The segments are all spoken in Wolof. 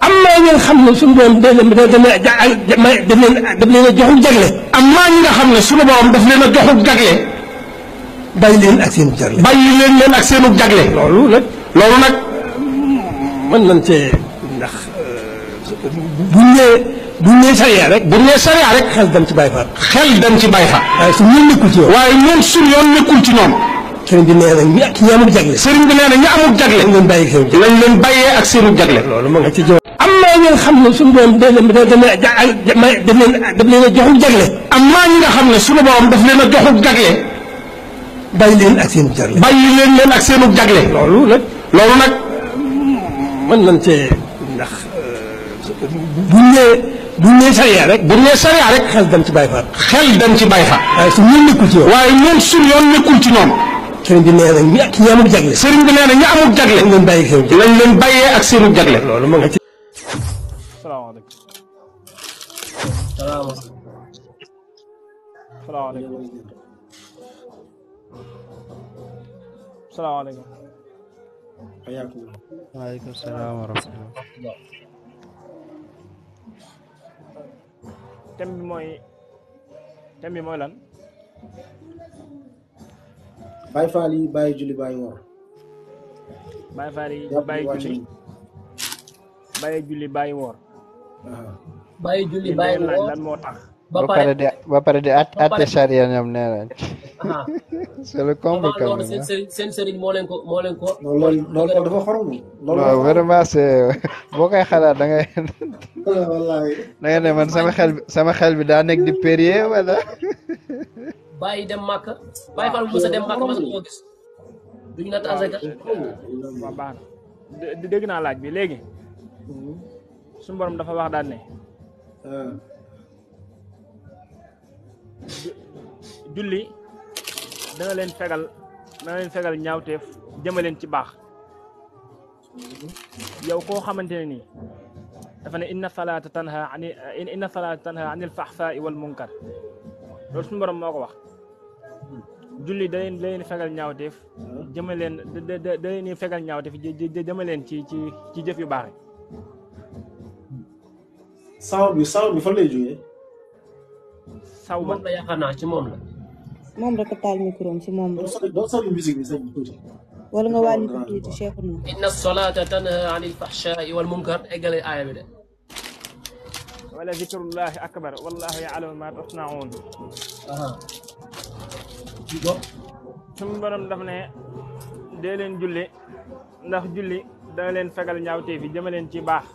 amma ñi nga xam ne suñu borom daf leen daf leen daf leen a joxul jagle. amma ñi nga xam ne suñu borom daf leen a joxul jagle. bàyyi leen ak seenu jagle. bàyyi leen leen ak seenu jagle. loolu nag loolu nag mën nañ cee ndax euh, buñ nee buñ nee sariya rek. buñ nee sariya rek xel dem ci Baay Faal. xel dem ci Baay Faal. waaye suñu yoon nekkul ci yoon. waaye ñoom suñu yoon nekkul ci ñoom. sëriñ bi nee na ñi amul jagle. sëriñ bi nee na ñi amul jagle. nañ leen bàyyi ak seenu jagle. nañ leen bàyyee ak seenu jagle. ngeen xam ne suñu borom daf leen daf leen daf leen a joxul jagle. am naa ñi nga xam ne suñu borom daf leen a joxul jagle. bàyyi leen ak seenu jagle. bàyyi leen leen ak seenu jagle. loolu nag loolu nag mën nañ cee ndax euh, buñ nee buñ nee sariya rek. buñ nee sariya rek xel dem ci Baay Faal. xel dem ci Baay Faal. waaye suñu yoon nekkul ci yoon. waaye ñoom suñu nekkul ci noonu. sëriñ bi nee na jagle. sëriñ bi nee jagle. nañ leen bàyyi ak seenu jagle. السلام عليكم السلام عليكم حياكم الله وعليكم السلام ورحمة bi mooy thème bi mooy lan Baay Faal yi julli bàyyi woor Baay Faal yi julli bàyyi julli bàyyi woor bay julli bay woor lan moo ba pare de ba pare de at atte No No nee nañ. c'est le comble quand même seen sëriñ seen sëriñ moo ko moo leen ko. loolu loolu dafa xorom. loolu vraiment c'est boo koy xalaat da ngay. wallaahi da ngay ne man sama xel sama xel bi daa nekk di périer wala. Ya, ya. bàyyi dem Màkka. bàyyi Fall musa dem Màkka mos koo gis. duñu natt asaka. waaw baax na dégg naa laaj bi léegi. suñu borom dafa wax daan ne. julli dana leen fegal dana leen fegal ñaawteef jëmaleen ci baax yow koo xamante ne dafa ne inna salaata tanha an inna salaata tanha anil faxsaai wal munkar loolu suñu borom moo wax julli da leen leen fegal ñaawteef jëmaleen da da leen fegal ñaawteef jëmaleen ci ci ci jëf yu baax saw bi saw bi fa lay jógee saw man la yakana ci mom la mom rek taal micro ci moom la doo sori musique bi sëñ bi wala nga wani ko ci cheikh nu inna salata tanha anil fahsha'i wal munkar eggale aaya bi de wala zikrullah akbar wallahu ya'lamu ma tasna'un sun borom daf ne de len julli ndax julli da len fegal ñaawtee fi jëmaleen ci baax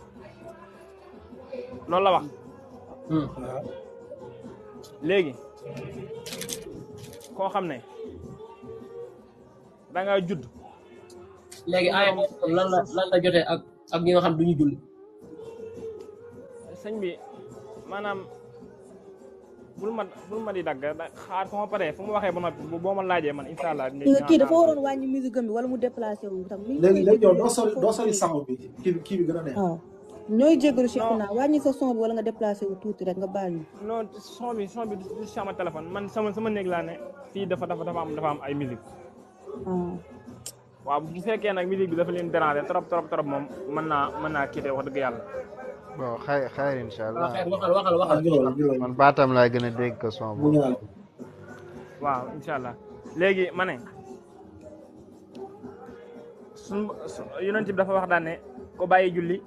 loolu la wax. Hmm. léegi koo xam ne da nga judd. léegi aaya lan la ak ak ñi nga xam duñu julli. sëñ bi maanaam bul ma bul ma di dagg xaar fu ma paree fu mu waxee ba noppi boo ma laajee man incha kii dafa waroon wàññi musique bi wala mu déplacé wu tam. léegi léegi yow doo sori sango bi kii bi gën a neex. Ah. ñooy jégalu Cheikhouna wañi sa son wala nga déplacer wu tuuti rek nga bañu non son bi son bi du sama téléphone man sama sama nek la né fi dafa dafa dafa am dafa am ay musique. waaw bu fekkee nak musique bi dafa leen dérangé trop trop trop mom man na man na kité wax dëgg yalla bon xay xayr incha allah waxal waxal waxal man batam la gëna dégg ko son bi waaw inshallah légui mané sun ne. yonent bi dafa wax daan ne ko bàyyi julli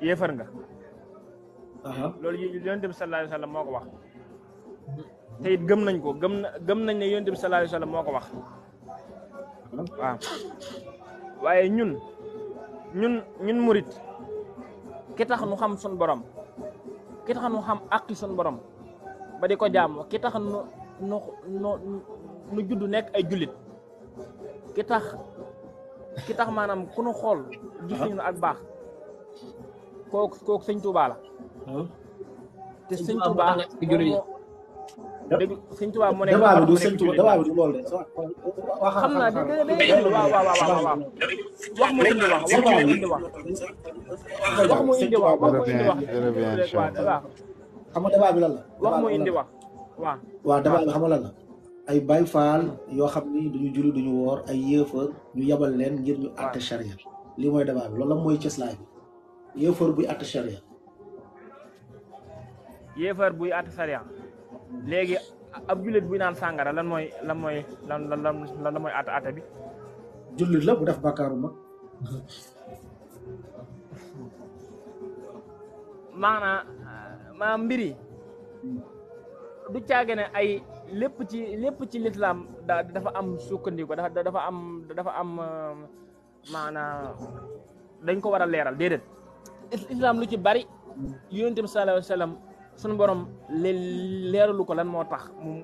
yéefar nga loolu yonent bi sallallahu alayhi wa sallam moo ko wax te it gëm nañ ko gëm na gëm nañ ne yonent bi sallallahu alayhi wa sallam moo ko wax waaw waaye ñun ñun ñun murit ki tax nu xam sun borom ki tax nu xam àqi sun borom ba di ko jaamu ki tax nu nu nu nu judd nekk ay jullit ki tax ki tax maanaam ku nu xool gis ak baax kooku kooku sëñ Touba te sëñ Touba dégg sëñ Touba du sëñ Touba damaa du loolu de. xam naa de wax mu indi wax wax mu indi wax. wax mu indi wax wax indi wax. xam nga damaa bi ay Baye Fall yoo xam ni duñu du ñu woor ay yéefar ñu yabal leen ngir ñu àtte charia. lii mooy damaa bi loolu la mooy cëslaay bi. yéefar buy àtt sariya. buy àtt léegi ab jullit buy naan sàngara lan mooy lan mooy lan lan mooy àtt àtt bi. jullit la bu def bàkkaaru mag. maa maanaam mbir yi du caage ne ay lépp ci lépp ci litlaam da dafa am sukkandiku dafa am dafa am maanaam dañ ko war a leeral déedéet. islam lu ci bari yonente bi sallallahu alayhi wa sallam sunu borom leeralu ko lan moo tax mu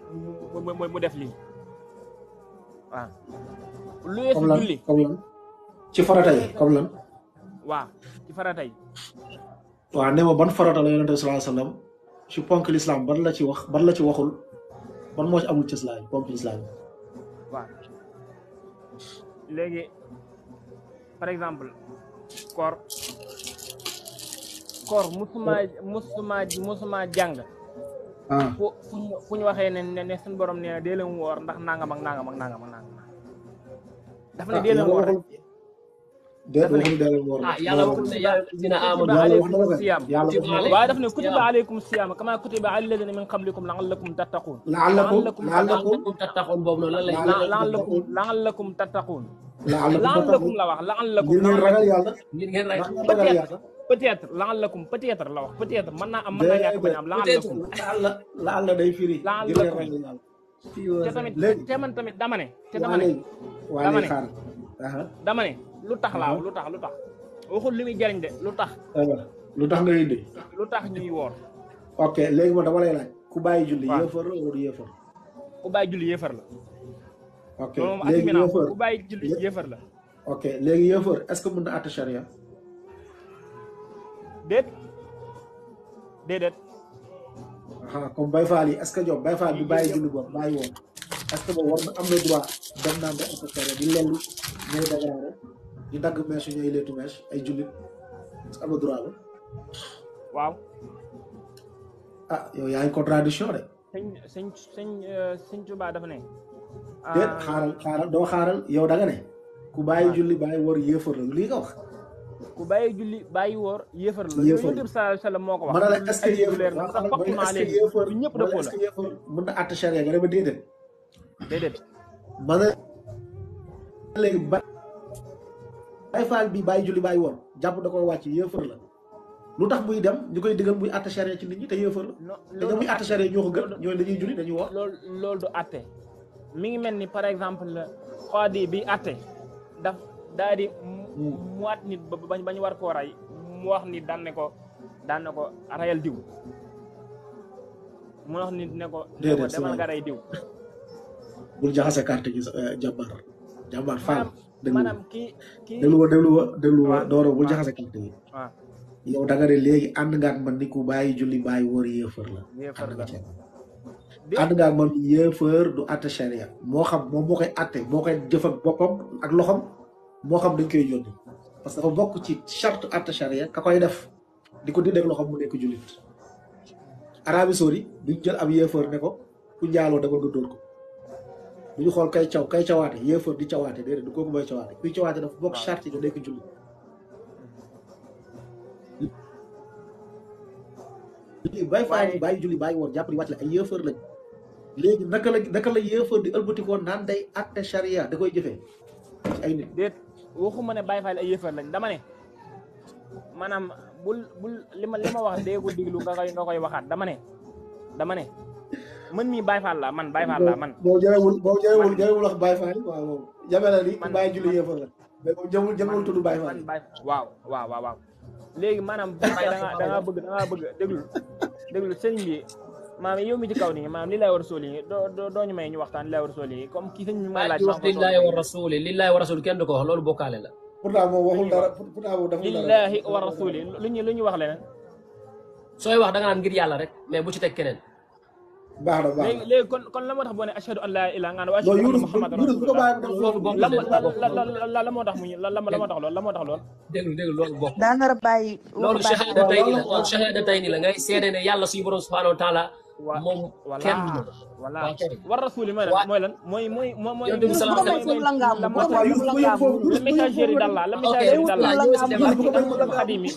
mu mu def lii waaw. lu weesu julli ci farata yi comme lan. waaw ci farata yi. waaw ban farata la yonente bi sallallahu alayhi ci ponk l'islam ban la ci wax ban la ci waxul ban moo ci amul cëslaay ponk l'islam waaw léegi par exemple koor kor musuma musuma musuma jàng ah. fu fu ñu waxee ne ne suñu borom nee na dee leen woor ndax nangam ak nangam ak nangam ak nangam dafa ne ah, dee leen woor dafa ne yàlla waxul ne yàlla dina amoon aleykum siyaam waaye daf ne kutiba aleykum siyaam kama kutiba ala alladina min qablikum laallakum tattaquun laallakum laallakum tattaquun boobu noonu lan lay laallakum laallakum tattaquun laallakum la wax laallakum ngir ngeen ragal yàlla ngir ngeen ragal yàlla peut-être laallakum peut-être la wax peut-être mën naa am mën naa ñàkk bañ am laallakum laalla day firi laallakum te tamit te man tamit dama ne te dama ne dama lu tax laaw lu tax lu tax waxul li muy jëriñ de lu tax ah, lu tax nga indi lu tax ñuy woor ok léegi moom dama lay ku bàyyi julli yéefar la wala yéefar ku bàyyi julli yéefar la ok léegi ku bàyyi julli yéefar la ok léegi yéefar est-ce que mën na atte charia déet déedéet. ah comme Baye Fall yi est ce que Diop Baye Fall bi bàyyi julli boobu bàyyi woon est ce que boobu war na am na droit dem naan ba opérer di lellu ñooy dégré di dagg mees ñooy leetu mees ay jullit est ce que am na droit la. waaw. ah yow yaa ngi contradiction de. sëñ sëñ sëñ euh, sëñ Tuubaa dafa ne. déet xaaral euh, xaaral doo xaaral yow da nga ne. ku bàyyi julli bàyyi war yéefar la lii nga wax. ku bàyyi julli bàyyi woor yéefar la moo ko wax ma ne la est-ce que yéefar na sax fokkumaa léegi ñun ñëpp dëppoo la mën na àtte charia nga bàyyi faal bi bàyyi julli bàyyi woor jàpp da koy wàcc lu tax muy dem ñu koy digal muy àtte charia ci nit ñi te yéefar la te ñoom muy àtte charia ñoo ko gën mi ngi mel ni par exemple xaadi bi àtte daf daal di mm. muwaat nit ba bañ war koo rey mu wax nit daan ne ko daan ne ko rayal diw mu wax nit ne ko ne demal nga rey diw bul jaxase carte gi euh, jabar jabar faam manam ki ki delu wa delu wa déglu wa dooro ah. bul jaxase carte gi ah. yow da nga legi and nga ak man ni ku bàyyi julli bàyyi wor yeufur la yeufur la ànd ngaat man yéefar du atte sharia mo xam mo moo koy atte moo koy jëf ak bopam ak loxam moo xam dañ koy yónni parce que dafa bokk ci charte atte charia ka koy def di ko di dindeg loxoom mu nekk jullit Araabi Saudi du jël ab yéefar ne ko ku njaaloo dama nga dóor ko bu ñu xool kay caw kay cawaate yéefar di cawaate déedéet du kooku mooy cawaate kuy cawaate dafa bokk charte nga nekk jullit bay faay bàyyi julli bàyyi woon jàpp ni wàcc la ay yéefar lañ léegi naka la naka la yéefar di ëlbatikoon naan day atte charia da koy jëfee waxuma ne Baye Fall ay yëfar lañ dama maanaam bul bul li ma li wax dee ko diglu nga koy waxaat dama ne dama ne man mii Baye Fall la man Baye la man. boo jawewul boo jawewul jawewul wax Baye Fall waaw moom jafe na li Baye julli yëfar la mais moom jawewul jawewul tudd Baye Fall. waaw léegi maanaam da bëgg da bëgg déglu déglu maam yow mi ci kaw nii maam li laay war a sóoli doo doo ñu may ñu waxtaan li laay war a sóoli comme kii sëñ bi ma laaj. wax li laay war a sóoli li laay war a sóoli kenn du ko wax loolu bokkaale la. pourtant moom waxul dara pourtant moom deful dara lillaahi wa rasuuli lu ñu lu ñu wax leneen. sooy wax da nga naan ngir yàlla rek mais bu ci teg keneen. baax na baax na léegi kon kon la moo tax boo ne ashhadu an laa ilaaha illallaah wa ashhadu anna muhammadan rasuulullaah la moo tax mu ñu la la moo tax lool la moo tax lool. déglu déglu loolu bokk. daa nar a bàyyi. loolu shahada tayni la ngay seede ne yàlla suñu borom subhaanahu wa taala moom kenn du wala war rasuli mooy lan mooy lan mooy mooy mooy la messagerie d'Allah la messagerie d'Allah xadim yi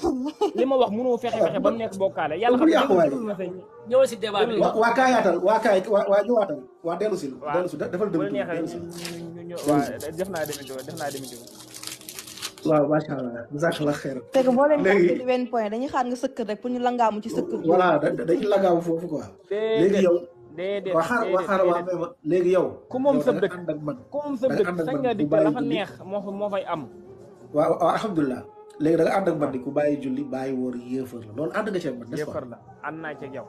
li ma wax mënoo fexe fexe ba mu nekk bokkaale yàlla xam na sëñ ñëw si débat bi waa kaa yaatal waa kaa waa ñëwaatal waa dellu si dellu si defal def naa demi def naa demi waaw macha allah la xeer. léegi teg boo leen fàttali benn point dañuy xaar nga sëkkër rek pour ñu langaamu ci sëkkër. voilà dañuy langaamu foofu quoi. léegi yow. waxaar waxaar léegi yow. ku moom sëb dëkk ku am. waaw waaw alhamdulilah. léegi da nga ànd ak man di ku bàyyi julli bàyyi wóor yéefar la loolu ànd nga ci man n'est-ce naa ci yow.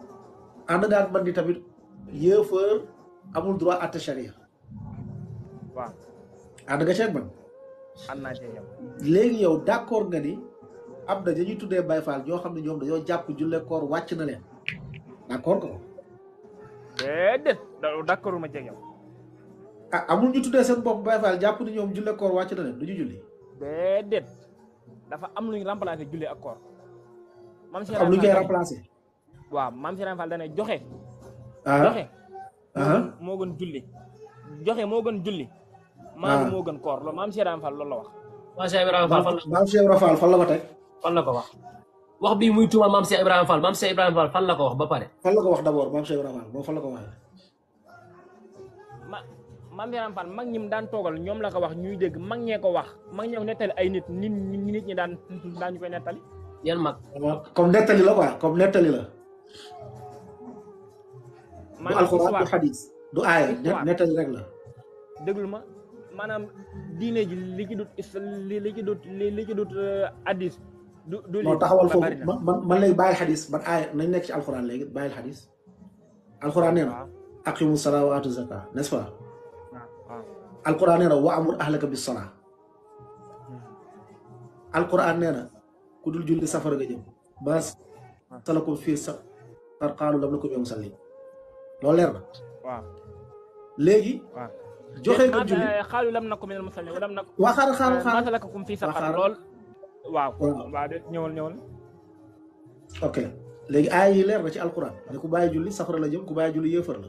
ànd nga ak man di tamit yéefar amul droit àtte charia. waaw ànd nga ci man. ànd naa cee léegi yow d' accord nga ni am na dañuy tuddee Baye Fall ñoo xam ne ñoom dañoo jàpp julle wàcc na leen d' accord nga ko. déedéet ah, tuddee seen bopp Baye jàpp ni ñoom wàcc na du ñu julli. déedéet dafa am lu ñu remplacé julli ak koor. maam Cheikh am lu ñu koy remplacé. waaw maam Cheikh Fall joxe. Ah. joxe. Ah. moo gën julli joxe moo gën julli. maanu ah. moo gën koor loolu maam Cheikh Ibrahima Fall loolu la wax maam Cheikh Ibrahima Fall fan la maam Cheikh Ibrahima Fall fan la ko teg fan la ko wax wax bii muy tuumal maam Cheikh Ibrahima Fall maam Cheikh Ibrahima Fall fan la ko wax ba pare fan la ko wax d'abord maam Cheikh Ibrahima Fall moom fan la ko waxee maam Cheikh Ibrahima Fall mag ñi mu daan toogal ñoom la ko wax ñuy dégg mag ñee ko wax mag ñee ko nettali ay nit nit nit ñi daan daan ñu koy nettali yan mag ah, comme nettali la quoi comme nettali la du alxuraan du xadis du aaya nettali rek la déglu ma maanaam diine ji li ci dut li ci dut li ci dut uh, hadis. du du lii taxawal foofu man man lay bàyyi xadis ban aaya nañ nekk ci alxuraan léegi bàyyil xadis. alxuraan nee na. aqimu salaa wa atu zaka n'est-ce pas. alquran nee na wa amur ahlaka bis salaa alquran nee na ku dul julli safara nga jëm ba salakum fii saqar qaalu lam nakum bi musallin loolu leer na léegi joxe nga julli eh, xaalu lam naku minal musallin lam naku waa xaar xaar eh, xaar maa salakakum fii saqar lool waaw waaw de ñëwal ñëwal ok léegi aay yi leer na ci alquran ne ku bàyyi julli safara la jëm ku bàyyi julli yéefar la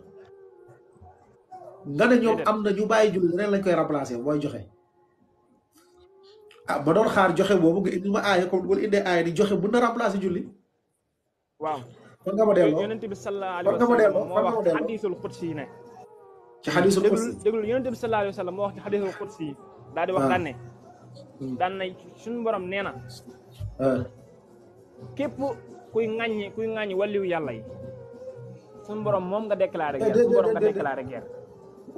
nga ñoom am na ñu bàyyi julli leneen lañ koy remplacer mooy joxe ah ma doon xaar joxe boobu nga indi ma aaya comme wala indee aaya ni joxe mën na remplacer julli waaw fan nga ma delloo yonent bi sallallahu alayhi wa sallam moo wax hadiisul ci xadisul qudsi déglu yonente bi sallallahu alayhi wa sallam moo wax ci xadisul qudsi daal di wax ah. hmm. daan ne sun ne suñu borom nee na ah. képp kuy ŋàññi kuy ŋàññi waliyu yàlla yi suñu borom moom nga déclaré eh, guerre suñu borom nga déclaré guerre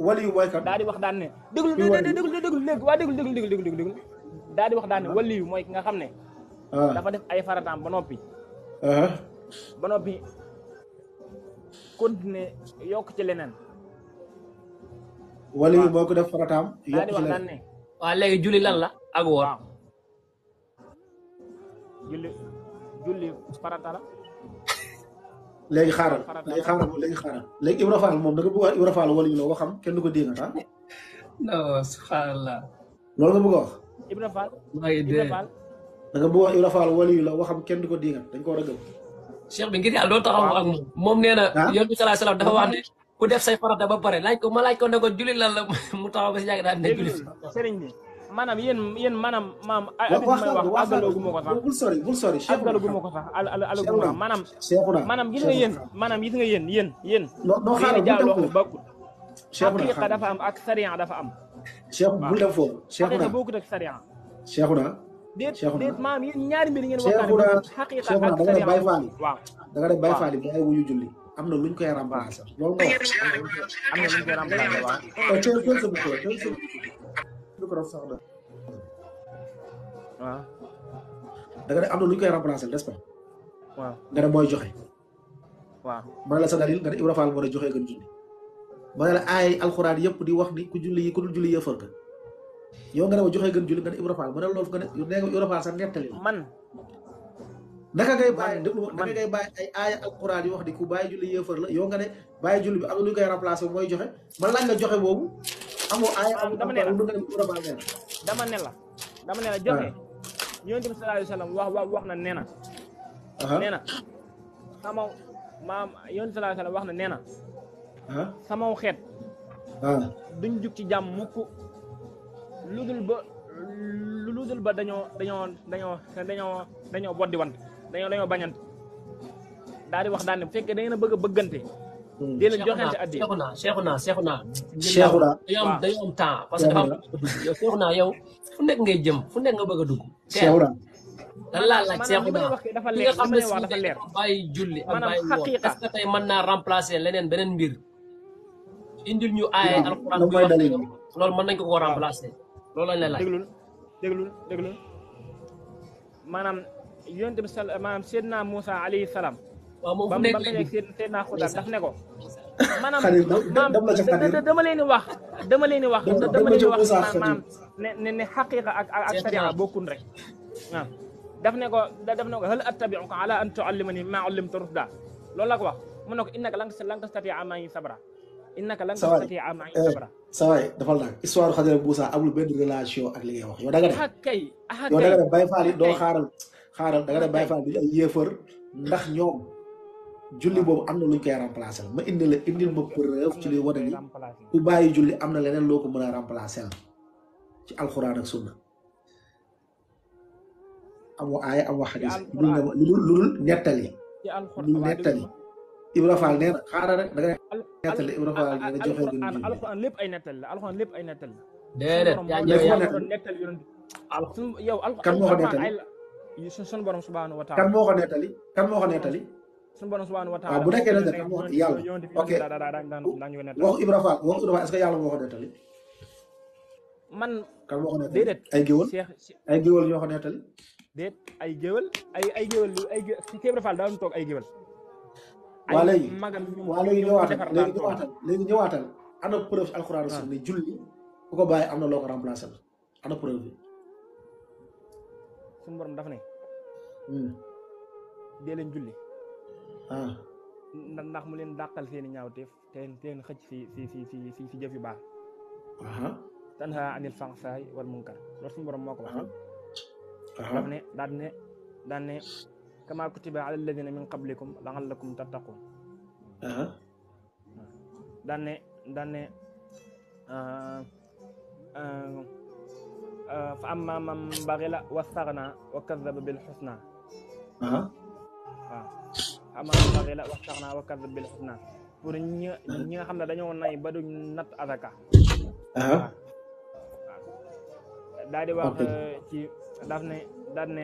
waliyu mooy kan daal di wax daan ne déglu déglu déglu léegi waa déglu di wax ne ah. waliyu ki nga dafa def ay ba ba continuer ci wala yu boo ko def farataam. yokk julli lan la ak woor. julli julli farata la. léegi xaaral léegi xaaral léegi xaaral léegi Ibra Fall moom da nga Ibra Fall wala ñu kenn du ko dégg ah. non a wax. Ibra waxam kenn du ko dégg dañ ko war a gëm. Cheikh bi ngir yàlla doo taxaw moom moom nee na. ah dafa wax ne. ku def say farata ba pare laaj ko ma laaj ko ne ko julli lan la mu taxaw ba si yàgg daal ne julli sëriñ bi maanaam yéen yéen maanaam maam affaire bi may wax àggalagu ma ko sax bul sori bul sori àggalagu ma ko sax àggalagu ma maanaam maanaam gis nga yéen maanaam gis nga yéen yéen yéen yéen jàlloo ko bokkul xaqiqa dafa am ak sariya dafa am cheikh bul dem foofu xaqiqa bokkul ak sariya cheikhuna déet déet maam yéen ñaari mbir ngeen waxtaan xaqiqa ak sariya waaw da nga def bay faali bi ay wuyu julli am na luñ koy remplacer loolu nga wax am na luñ koy remplacer waaw non ci ci sa micro ci sa micro sax da waaw da nga ne am na luñ koy remplacer n'est-ce pas waaw nga ne mooy joxe waaw ba la sa dalil nga ne Ibra Fall wara joxe gën junni ba la ay alxuraan yep di wax ni ku julli yi ku dul julli yeufal ya, ka yo nga ne ma joxe gën julli nga ne Ibra Fall ma ne lolou nga ne yow nee Ibra Fall sa netali man naka ngay bàyyi déglu naka ngay bàyyi yi wax di ku bàyyi julli yéefar la yow nga ne bàyyi julli bi am na lu koy mooy joxe ba laaj la joxe boobu amoo aaya amul dama ne la dama ne la dama ne joxe ah. yonent bi sallallahu wa sallam wax na nee na uh-huh. nee na sama maam yonent bi sallallahu alayhi wa sallam wax na nee na uh-huh. sama xeet uh-huh. duñ jug ci jàmm mukk ludul ba ludul ba dañoo dañoo dañoo dañoo dañoo boddi wante dañoo dañoo bañante daal di wax daal ne bu fekkee da ngeen a bëgg a bëggante. Hmm. di leen joxante addi Cheikhouna Cheikhouna Cheikhouna. Cheikhouna dañoo am dañoo am temps parce que dafa am yow Cheikhouna yow fu nekk ngay jëm fu nekk nga bëgg a dugg. Cheikhouna dana laa laaj Cheikhouna li nga xam ne si dafa leer bàyyi julli ak bàyyi woon est-ce que tey mën naa remplacer leneen beneen mbir. indil ñu aaye alxuraan bi wax loolu mën nañ ko koo remplacer loolu lañ la laaj. déglul déglul déglul maanaam yonent bi sal maanaam Seydina Moussa alayhi salaam. waaw moom fu nekk léegi ba mu Seydina Xudaar daf ne ko. maanaam maanaam dama leen di wax. dama leen di wax dama leen di wax maanaam ne ne ne xaqiqa ak ak sharia bokkun rek waaw. daf ne ko daf ne ko hal attabi'uka ala an tu'allimani maa ullimta rushda loolu la ko wax mu ne ko innaka lan lan tastati'a maa ngi sabra. innaka lan tastati'a maa ngi sabra. sawaay dafal nag histoire Xadir Moussa amul benn relation ak li ngay wax yow da nga def. yow da nga def Baye Fall doo xaaral. xaaral da nga def Baye Fall di ay yéefar ndax ñoom julli ah. boobu am na luñ koy remplacer ma indi la indil ma preuve ci li wane ni ku bàyyi julli am na leneen loo ko mën a remplacer ci alxuraan ak sunna amoo aaya amoo xadis lu dul lu dul nettali lu nettali Ibra Fall neena xaaral rek da nga nettali Ibra Fall da nga joxe ngeen julli alxuraan lépp ay nettali la alxuraan lépp ay nettali la déedéet yaa jëf nettali yow alxuraan kan moo ko nettali yi iya, borom subhanahu kan moo ko kan moo ko nettali borom subhanahu wa ta'ala bu kan moo ko ok waxu Ibra Fall waxu est-ce que man kan moo ko nettali ay géwal ay géwal ñoo ko nettali ay géwal ay ay géwal ay ci Ibra Fall perlu ay alquran ah. julli ko sun borom daf ne hmm de len julli ah ndax mu len dakal seen ñaawteef teen teen xëcc ci ci ci ci ci ci jëf yu baax tanha anil faxsaay wal munkar lo sun borom moko wax wax daf ne dal ne dal ne kama kutiba ala alladhina min qablikum laallakum tattaqun dal ne dal ne ah, ah فأما من بغل واستغنى وكذب بالحسنى أها أما من بغل واستغنى وكذب بالحسنى pour ñi ñi nga xam dañoo nay ba duñ nat azaka daal di wax ci daf ne daal ne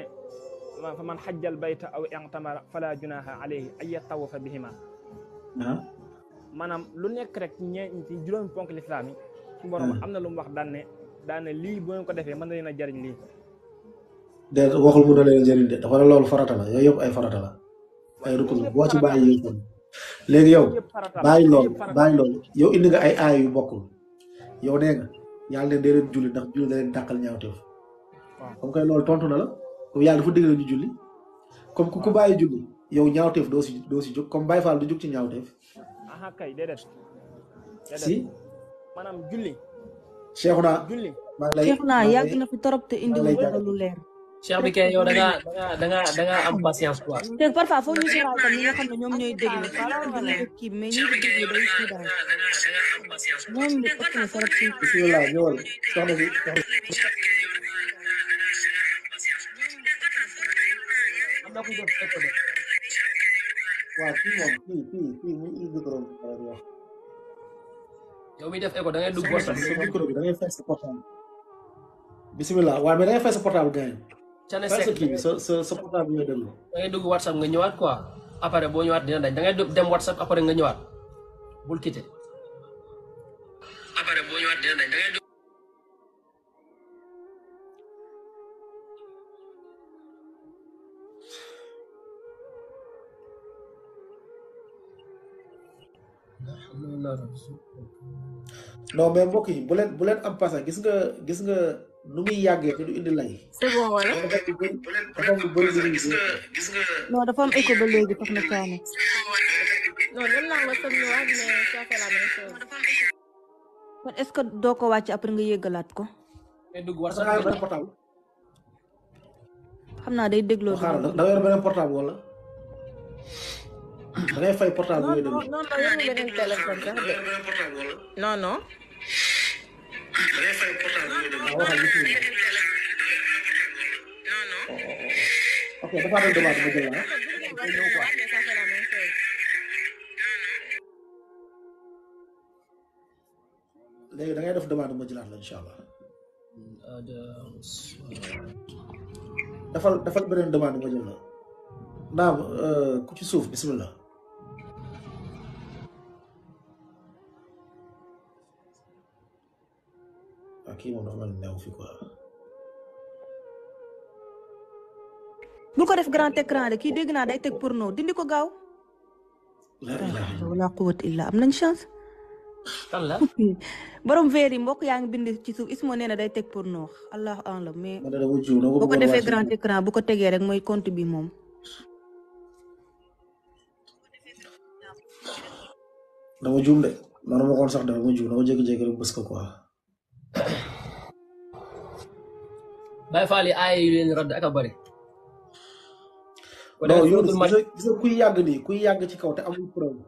fa man xajjal bayta aw i'tamara fala junaha alayhi ay yatawafa bihima maanaam lu nekk rek ci ponk yi borom lu wax daane lii bu ngeen ko defee mën na leen a jariñ lii de waxul mu na leen jariñ de dafa ne loolu farata la yooyu yëpp ay farata la ay rukun boo ci bàyyi yëpp léegi yow bàyyi loolu bàyyi loolu yow indi nga ay aay yu bokkul yow nee nga yàlla ne dee leen julli ndax julli da leen dàqal ñaawteef comme kay loolu tontu na la comme yàlla dafa digal ñu julli comme ku ku bàyyi julli yow ñaawteef doo si doo si jóg comme Baye Fall du jóg ci ñaawteef. aha kay si Cheikhouna maa ngi lay Cheikhouna yàgg na te indi wu lu leer. Cheikh bi kay yow da ngaa am patience quoi. te parfois foog ñu seetaan tam ñi xam ne ñoom ñooy déglu parfois ñu ngi kii mais ñi di déglu day kii daal moom li yow bismillah waaye mais da ngay fay sa portable gaay ca ne kii bi sa sa sa portable dem da ngay dugg whatsapp nga ñëwaat quoi après boo ñëwaat dina dañ da ngay dem whatsapp après nga ñëwaat bul non mais mbokk yi bu leen am passant gis nga gis nga nu muy yàggee te du indi lay. c'est bon wala. dafa ba léegi tax na caane. non est-ce que doo ko wàcc après nga laat ko. day dugg war naa yor benn portable. xam naa day dégloo. xaaral da nga portable wala. da ngay fay portable yooyu non non non yow beneen téléphone sax de non non. da ngay fay portable yooyu ok dafa am demande ma jël ah. léegi da ngay def demande ma jëlaat la incha allah. dafal dafal beneen demande ma jël la naam euh, ku ci suuf bisimilah. kii moom dafa mel fi quoi. bul ko def grand écran de kii dégg naa day teg pour porno dindi ko gaaw. wala quwwata am nañ chance. allah. borom veer yi mbokk yaa ngi bind ci suuf is moo nee day teg porno allahu alam mais. boo ko bu ko tegee rek mooy compte bi moom. dama juum de man ma waxoon sax dama juum dama jékki-jékki rek bës ko Baye Fall yi aay yu leen radd ak a kuy yàgg nii kuy yàgg ci kaw te amul preuve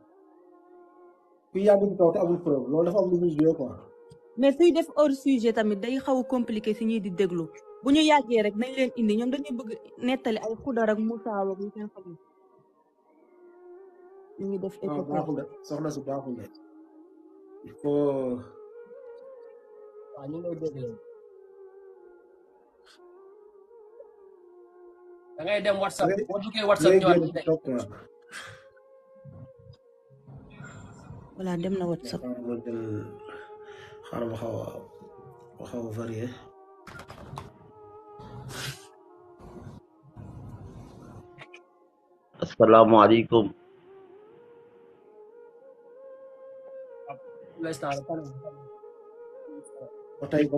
kuy yàgg ci loolu dafa am lu muy mais suy def hors sujet tamit day xaw compliquer si ñuy di déglu bu ñu yàggee rek na leen indi ñoom dañuy bëgg nettali ay xudar ak mu wak ñu seen ngi def ah, écho. baaxul soxna su baaxul de il faut. waaw ñu ngi lay déglu. da ngay dem whatsapp boo duggee whatsapp ñu ne voilà dem na whatsapp xaaral ma xaw a xaw varié asalaamaaleykum ba tey ba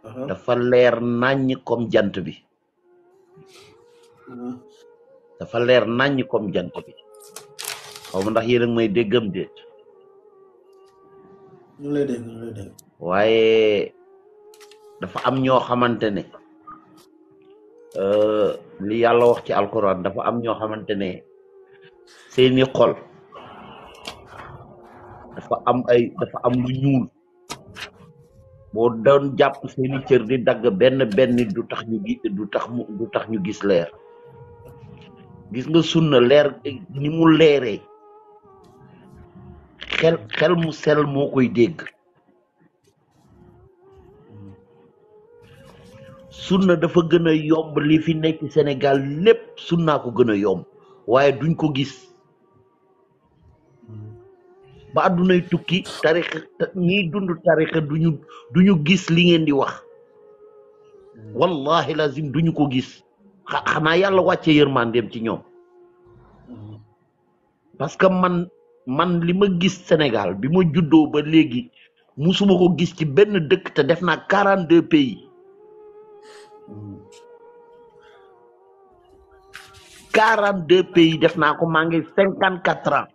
Uh-huh. dafa leer naññ comme jant bi uh-huh. dafa leer naññ comme jant bi xaw ndax yéen a may déggam déet ñu waaye dafa am ñoo xamante ne euh, li yàlla wax ci alquran dafa am ñoo xamante ne seeni xol dafa am ay dafa am lu ñuul bo doon japp seeni cieur di dag ben ben du tax ñu gi du tax mu du tax ñu gis leer gis nga sunna leer ni mu leeré xel xel mu sel mo koy deg sunna dafa gëna yomb li fi nekk senegal lepp sunna ko gëna yomb waye duñ ko gis ba adunay tukki tarikh ni dundu tarikh duñu duñu gis li ngeen di wax wallahi lazim duñu ko gis xana yalla wacce yermandem ci ñom parce que man man lima gis Senegal, bi judo juddoo ba legi musuma ko gis ci benn dëkk te def naa 42 pays 42 pays def naa ko maa 54 ans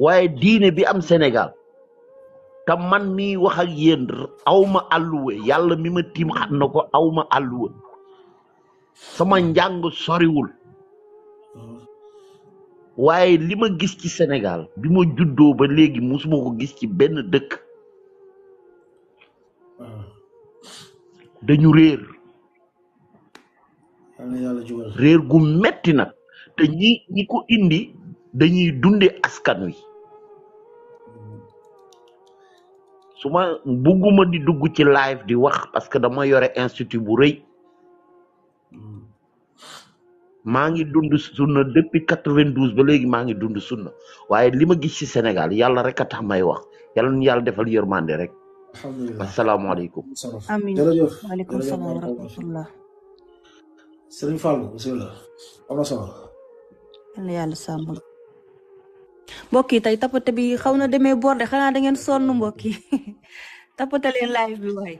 waye diine bi am Senegal te man mi wax ak yeen awma alluwe yalla mi ma tim xatnako awma alluwe sama njang soriwul waaye lima gis ci senegal bi mo juddoo ba legi musuma ko gis ci ben dekk dañu réer reer gu metti nak te ñi ñi ko indi dañuy dunde askan wi su ma bugguma di dugg ci live di wax parce que dama yore institut bu rëy maa ngi dund sunna depuis quatre-vingt-douze ba léegi maa ngi dund sunna waaye li ma gis ci Sénégal yàlla rek a tax may wax yàlla nu yàlla defal yërmande rek alhamdulilah asalaamaaleykum amiin waaleykum salaam wa bi xaw na demee borde xanaa da ngeen sonn mbokk yi tapotalin live bi waay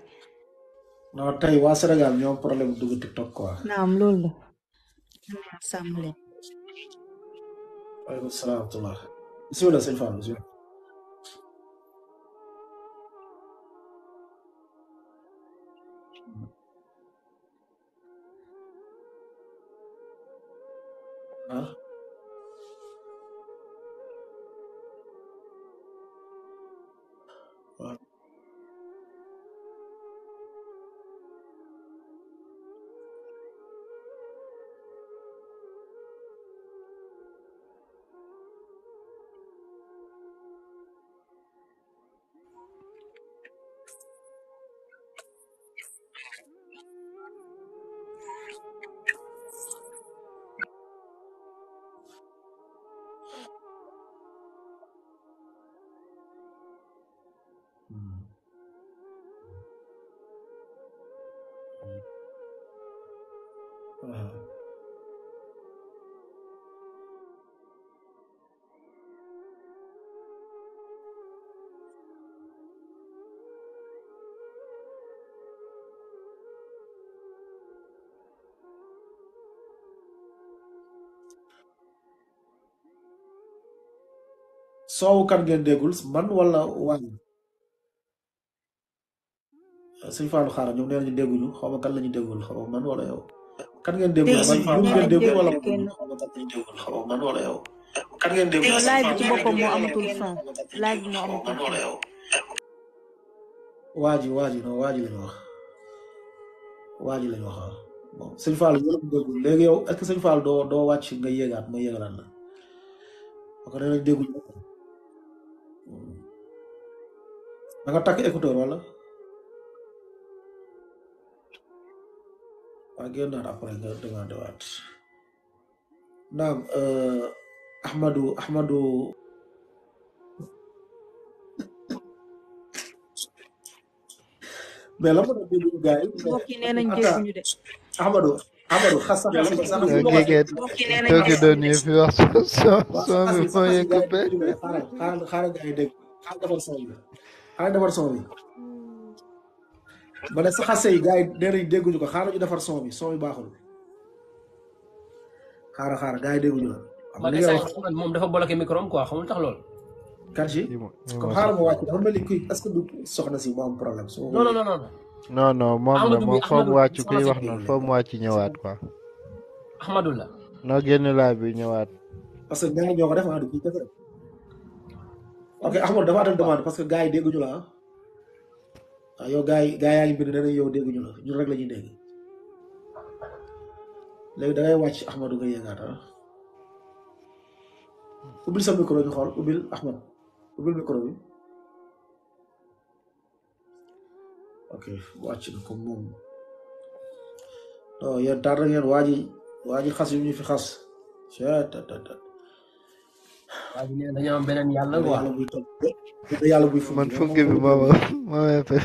non tey waa Sénégal ñoo am problème dugg TikTok quoi naam loolu la sàmm leen salaam wa rahmatulah bisimilah soowu kan ngeen déggul man wala waañ hmm. sëñ Fallou xaaral ñoom nee xaw ma kan la ñu déggul xaw kan ngeen déggul man ngeen déggul wala man xaw ma kan ngeen déggul laaj bi ci moo amatul son laaj bi moo amatul son. waa ji waa ji non la ñu wax waa ji la ñu wax ah bon doo doo nga yéegaat ma yéegalaat la parce que nee nañ Aga takk écouteur wala waa génnaat après nga demandé waat ahmadu ahmadu mais la ma ahmadu ahmadu xas sax xas sax mbokk yi nee nañ dégg doon ñu mi xaaral defar son bi ba ne sa xase juga. gars yi nee nañ ko xaaral ñu defar son bi son bi baaxul xaaral xaaral gaay yi ñu am na wax mom dafa bolaké microm quoi xamul tax lool. Karji ko xaaral mo wacc dafa mel ni kuy est-ce que du soxna si mo am problème. non non non non. non non moom la mo foo wacc kuy wax na fo mo wacc ñëwaat quoi. ahmadullah no genn la bi ñëwaat. parce que dañu ñoko def ah du kii ok Axmed dafa atal parce que gars yi dégguñu la ah. ah yow gars yi gars yaa ngi bind nee yow dégguñu la ñu rek la ñuy dégg léegi da ngay wàcc Axmed nga yéegaat ah ubbil sa micro ñu xool ubil Axmed ubbil micro bi ok wàcc na comme moom non yéen na ngeen waa ji xas yu ñu fi xas. Beren yàlla quoi yàlla buy fu man funke bi booba moo may fe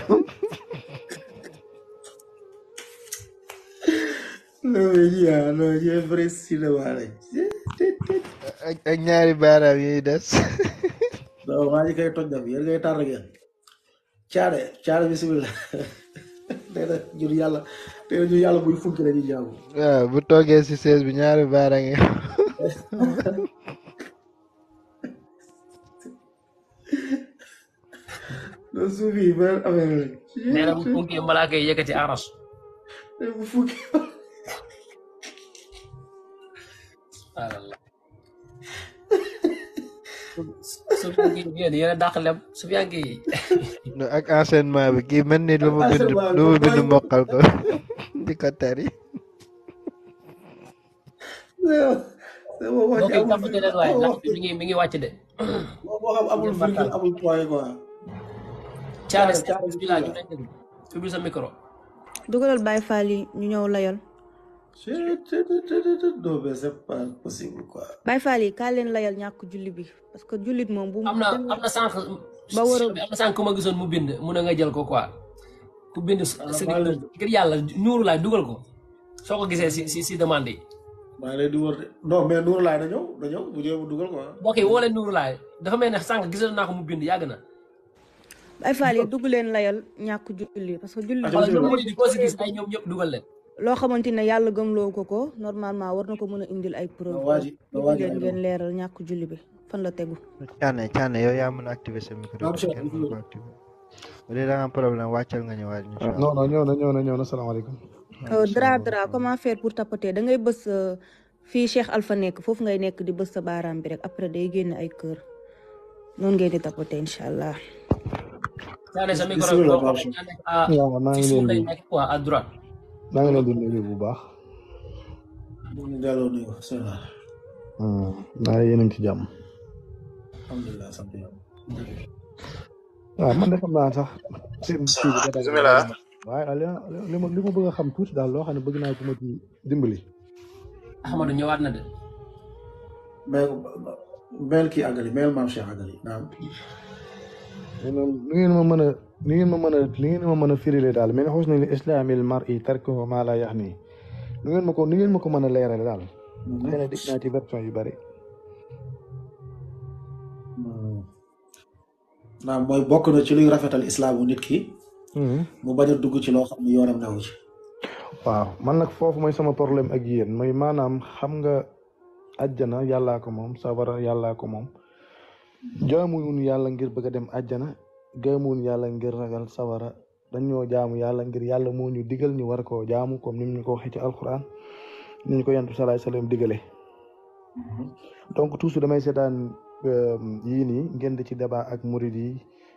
ya. no, je presi la wala. Ak ñaari baaraam yi des. Do waji kay toj dab, ya ngay tar ngeen. Ciare, ciare bismillah. Dara jur yàlla, té ñu yàlla buy fukki la ñu jaamu. Waaw, bu toogee ci 16 bi ñaari baaraam yi. loolu suuf yi ban affaire la. nee na bu fukkee malaaka yi yëkkati aras. bu fukkee. subhanallah. su fukkee yéen yéen a dàq lem lu mu bind lu mu bind mokkal ko di ko tari. ok jàpp ci leen waaye ndax mi ngi mi ngi wàcc Thiaré bismillah ñu nekk ubbi dugalal Baye Fall ñu ñëw layal. non mais c'est yi kaa leen layal ñàkk julli bi parce que jullit moom. bu mu am na sànq. ba war sànq ma gisoon mu bind mun na nga jël ko quoi. ku bind sëriñ ngir yàlla nuuru laay dugal ko soo ko gisee si si demande yi. maa ngi lay di wër non mais nuuru laay da ñëw dugal quoi. Ah. ok woo leen dafa mel ne sànq gisoon naa mu bind yàgg na. ay faal yi dugg leen layal ñàkk julli parce que julli ay ñoom loo xamante ne yàlla gëmloo ko ko normalement war na ko mën a indil ay preuve leeral ñàkk julli bi fan la tegu caane caane yow yaa mën a activé sa nga am problème wàccal nga ñëwaat pour tapoter da ngay bës euh, fii Cheikh Alpha nekk foofu ngay nekk di bës sa baaraam bi rek après day génn ay kër noonu ngeen di tapoter allah daanaka sa micro bi boo xam ne ci suuf lay nekk quoi maa ngi leen di nuyu bu baax. naa yéen a ngi ci jàmm. alhamdulilah sant yàlla. waaw man de naa sax. bisimilah. waaye li ma li bëgg xam tuuti daal loo xam ne bëgg naa ko ma ci dimbali. Ahmadou ñëwaat na de. mais mel kii àggali mel maam lu ngeen ma mën a lu ngeen ma mën a lu ngeen ma mën a firile daal min husnil islaamil mar'i tarkuhu maa laa yaxnii lu ngeen ma ko lu ngeen ma ko mën a leerale daal xëy na dégg naa ci version yu bëri naam mooy bokk na ci luy rafetal islaamu nit ki mu bañ a dugg ci loo xam ne yoonam newu ci waaw man nag foofu mooy sama problème ak yéen mooy maanaam xam nga àjjana yàllaa ko moom sawara yàllaa ko moom jaamuwuñ yàlla ngir bëgg a dem àjjana jaamuwuñ yàlla ngir ragal sawara dañoo jaamu yàlla ngir yàlla moo ñu digal ñu war koo jaamu comme ni ñu ko waxee ci alquran ni ñu ko yantu salaay salaam digale donc toujours damay seetaan euh, yii nii ngeen di ci débat ak murid yi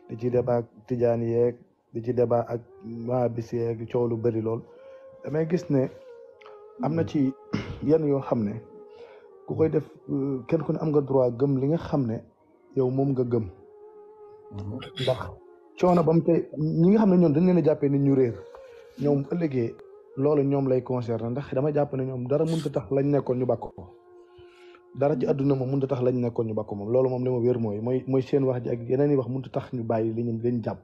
di ci débat ak tijaan yeeg di ci deba ak maabis yeeg coow lu bëri lool damay gis ne am na ci yenn yoo xam ne ku koy def euh, kenn ku ne am nga droit gëm li nga xam ne yow moom nga gëm ndax coono ba mu tey ñi nga xam ne ñoom dañ leen a jàppe nit ñu réer ñoom ëllëgee loolu ñoom lay concerné ndax dama jàpp ne ñoom dara mënut a tax lañ nekkoon ñu bàkk ko dara ci àdduna moom mënut a tax lañ nekkoon ñu bàkk moom loolu moom li ma wér mooy mooy mooy seen wax ji ak yeneen yi wax mënut a tax ñu bàyyi li ñu leen jàpp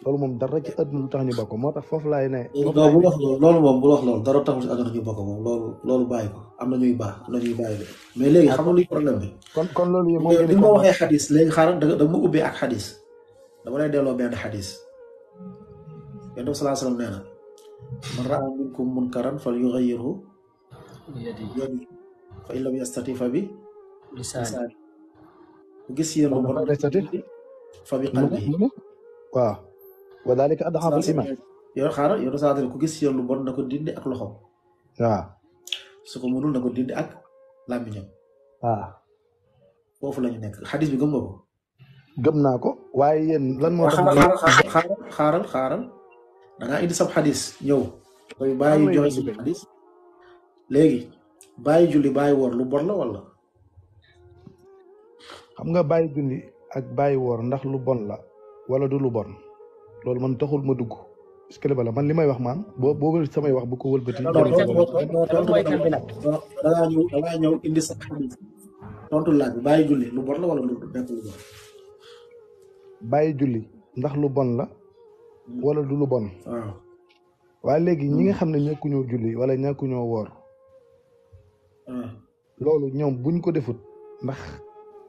lolu mom dara ci àdduna lu tax ñu bako motax fofu lay ne. lolu wax lolu mom bu wax lolu dara tax si àdduna ñu bako mom lolu lolu bayiko bàyyi am na ñuy baax am ñuy bàyyi de mais léegi xam nga luy problème bi. kon kon lolu mo moo ko waxe hadith waxee xadis da nga ma ubbee ak hadith dama lay délo benn hadith yéen dafa salaa salaam nee na man raa minkum munkaran falyughayyirhu yughayyiru yadi iya, fa in lam yastati fa bi lisaani gis yéen lu bon fa bi qalbi waaw wa dalika ad'aful iman yow xaaral yow saa ku gis yoon lu bon na ko dindi ak loxoom. waaw. su ko mënul na ko dindi ak làmmiñam. waaw. foofu la ñu nekk xadis bi gëm nga ko. gëm naa ko waaye yéen lan moo. xaaral xaaral xaaral indi sab xadis ñëw. koy bàyyi joxe sab bàyyi julli bàyyi woor lu bon la wala. xam nga bàyyi julli ak bàyyi woor ndax lu bon la wala du lu bon. loolu man taxul ma dugg est-ce que bala man li may wax maam boo boo wër samay wax bu ko wëlbati. da da ngaa ñëw indi sa xarit tontu laaj bi bàyyi julli lu bon la wala lu nekk lu bon. bàyyi julli ndax lu bon la wala du lu bon. waaye léegi ñi nga xam ne ñàkkuñoo julli wala ñàkkuñoo woor. loolu ñoom buñ ko defut ndax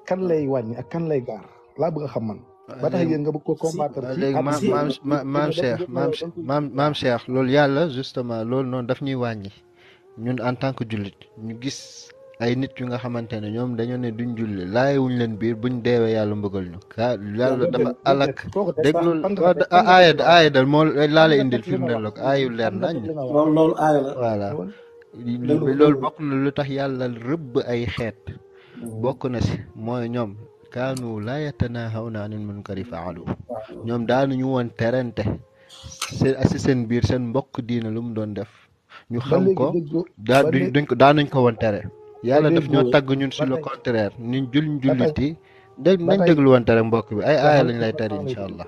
kan lay wàññi ak kan lay gaar laa bëgg a xam man. ba tax yéen nga bëgg ko combattre ci léegi maam maam maam Cheikh maam maam Cheikh loolu yàlla justement loolu noonu daf ñuy wàññi ñun en tant que jullit ñu gis ay nit yu nga xamante ne ñoom dañoo ne duñ julli laayewuñ leen biir buñ deewee yàlla mbëggal ñu ka yàlla dafa alak déglul aaya aaya dal moo laa la indil firndeel la ko aayu leer nañ loolu aaya la voilà loolu bokk na lu tax yàlla rëbb ay xeet mm-hmm. bokk na si mooy ñoom kaanu la yatanahawna anil munkari faalu ñoom daanuñu woon terante si seen biir seen mbokk diina lu mu doon def ñu xam ko daa duñ ko daanuñ ko woon tere yàlla daf ñoo tagg ñun sur le contraire ñun julliñ julliti dég nañ déglu woon tere mbokk bi ay aaya lañ lay tere incha allah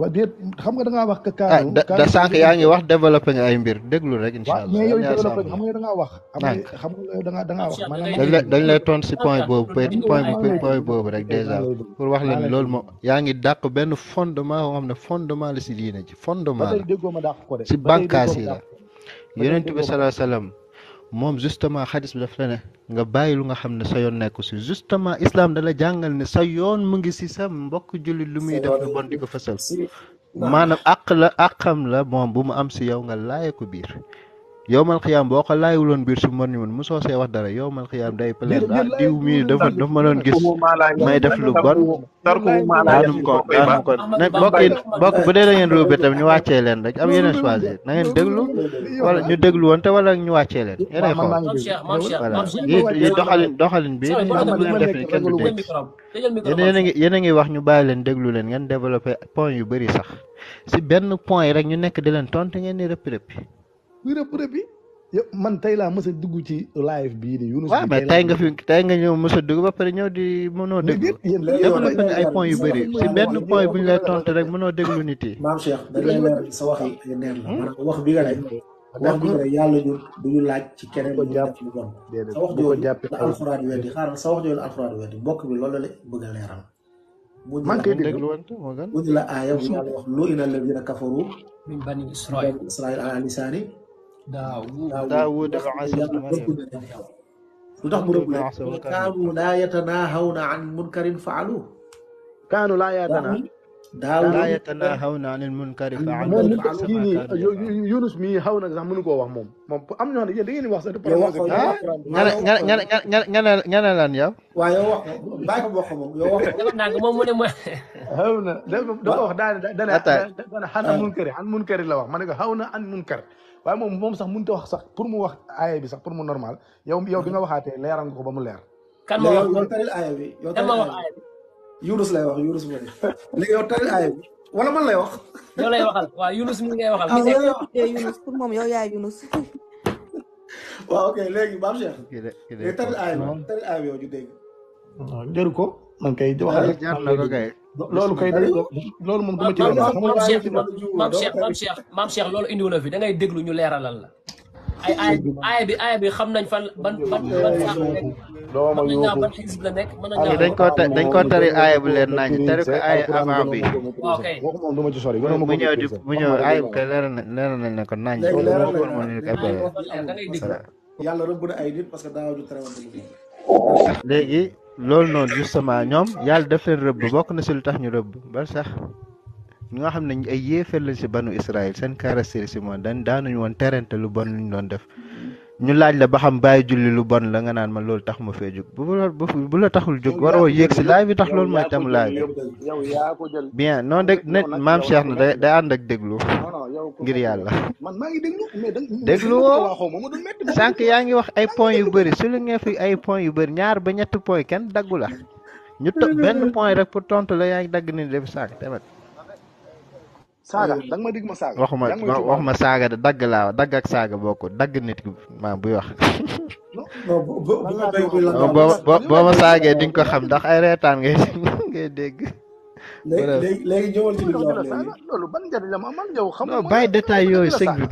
waa déet xam nga da ngaa wax. Ah, Kaanu da sànq yaa ngi wax développé nga ay mbir déglu rek. incha allah mais yooyu développé xam xam nga da ngaa da ngaa wax. dañ lay tont lay tontu si point boobu point point boobu rek dèjà pour wax leen loolu moom yaa ngi dàq benn fondement boo xam ne fondement la si diine ci fondement la si bànqaas yi la yonent bi salaa moom justement xadis bi daf la ne nga bàyyi lu nga xam ne sa yoon nekku si justement islam dala jàngal ne sa yoon mu ngi si sa mbokk jullit lu muy def lu bon di ko fësal maanaam àq la àqam la moom bu mu am si yow nga laaye ko biir yowmal xiyaam boo ko laayuloon biir su mën ñu mën mosoo see wax dara yowmal xiyaam day plaire ah diw mii dafa dafa ma doon gis may def lu bon daanum ko daanum ko ne mbokk yi mbokk bu dee da ngeen luube tam ñu wàccee leen rek am yeneen choisir na ngeen déglu wala ñu déglu woon te wala ñu wàccee leen yeneen xool voilà yi doxalin doxalin bi ngeen def ni kenn du dégg yéen a ngi yéen ngi wax ñu bàyyi leen déglu leen ngeen développé point yu bëri sax si benn point rek ñu nekk di leen tontu ngeen ni rëppi buy rëpp bi, man tey laa mës dugg ci live bi di Yunus. waaw mais tey nga fi tey nga ñëw mës dugg ba di mënoo déglu développé nga ay point yu si benn point bu lay tontu rek mënoo déglu nit yi maam Cheikh dañ lay leer sa wax yi leer la maanaam wax bi nga lay wax bi nga lay yàlla ñun laaj ci keneen lu def lu bon sa wax jooju la alxuraan xaaral sa wax mbokk bi loolu la bëgg leeral man la wax lu ina kafaru min bani israil ala lisaani daawud daawud ak asaf lu tax mu rëbb leen kaanu laa yatanahawna an munkarin faalu kaanu laa yatana daawud laa yatanahawna an munkari faalu yunus mi xaw nag sax mënu koo wax moom moom am ñoo xam ne yéen da ngeen di wax sax de nga ne nga ne lan yow waaw yow wax bàyyi ko wax moom yow wax naa ko moom mu ne ma xaw na dafa wax daane daane xana munkari an munkari la wax ma ne ko xaw na an munkar waaye moom moom sax mënut a wax sax pour mu wax aaya bi sax pour mu normal yow yow bi nga waxaatee leeral nga ko ba mu leer. kan moo wax yow taril aaya bi yow kan taril aaya bi. Yunus lay wax Yunus mooy léegi yow taril aaya bi wala man lay wax. yow lay waxal waaw Yunus mi ngay waxal. Ah, Yunus pour moom yow yaay Yunus. waaw ok léegi Baam Cheikh. léegi taril aaya bi taril aaya bi yow ju dégg. jëru ko man kay wax ah, rek. jaar na ko kay. loolu kay loolu moom dama ci leeral xam nga maam Cheikh maam Cheikh maam loolu indiwu fi da ngay déglu ñu leeralal la ay ay bi aaya bi xam nañ fan ban ban ban nekk dañ koo dañ koo tari aaya bu leer naaj tari ko aaya avant bi ci sori mu ñëw di mu ñëw aaya bi kay ne ko naaj da ngay déglu yàlla rëbb léegi loolu noonu justement ñoom yàlla def leen rëbb bokk na si lu tax ñu rëbb ba sax ñi nga xam ne ay yéefar lañ si banu Israël seen caractéristique moom dañ daanuñu woon terente lu bon ñu doon def ñu laaj la ba xam bàyyi julli lu bon la nga naan ma loolu tax ma fee jóg bu bu la taxul jóg waroo yéeg si laaj bi tax loolu mooy tam laaj bien non de ne maam Cheikh na day day ànd ak déglu ngir yàlla déglu woo sànq yaa ngi wax ay point yu bëri su lu ngeen fi ay point yu bëri ñaar ba ñetti point kenn daggu la ñu to benn point rek pour tontu la yaa ngi dagg ni def sànq tamit saga, dang ma dig ma saga waxuma waxuma saga de dag la dag ak nit ma buy wax. non boo boo boo ma saagee di ko xam ndax ay ngay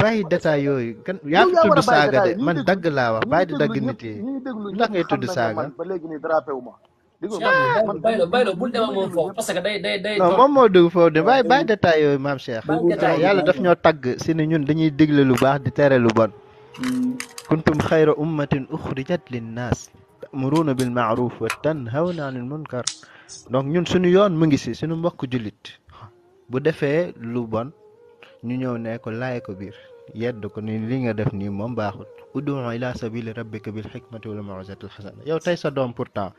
ngay ci kan yaa fi de man dag la wax bay di dag nit yi ndax ngay tuddu saga ba ni drapé wu ma baylo baylo bul dema moom foofu parce que day day day non moom moo dugg foofu de bàyyi bàyyi détail yooyu maam Cheikh yàlla daf ñoo tagg si ne ñun dañuy digle lu baax di tere lu bon kuntum xayra ummatin uxrijat linnaas ta'muruna bil ma'ruf wa tanhawna anil munkar donc ñun suñu yoon mu ngi si suñu mbokk jullit bu defee lu bon ñu ñëw ne ko laay ko biir yedd ko ni li nga def nii moom baaxul ud'u ila sabili rabbika bil hikmati wal maw'izati al hasana yow tey sa doom pourtant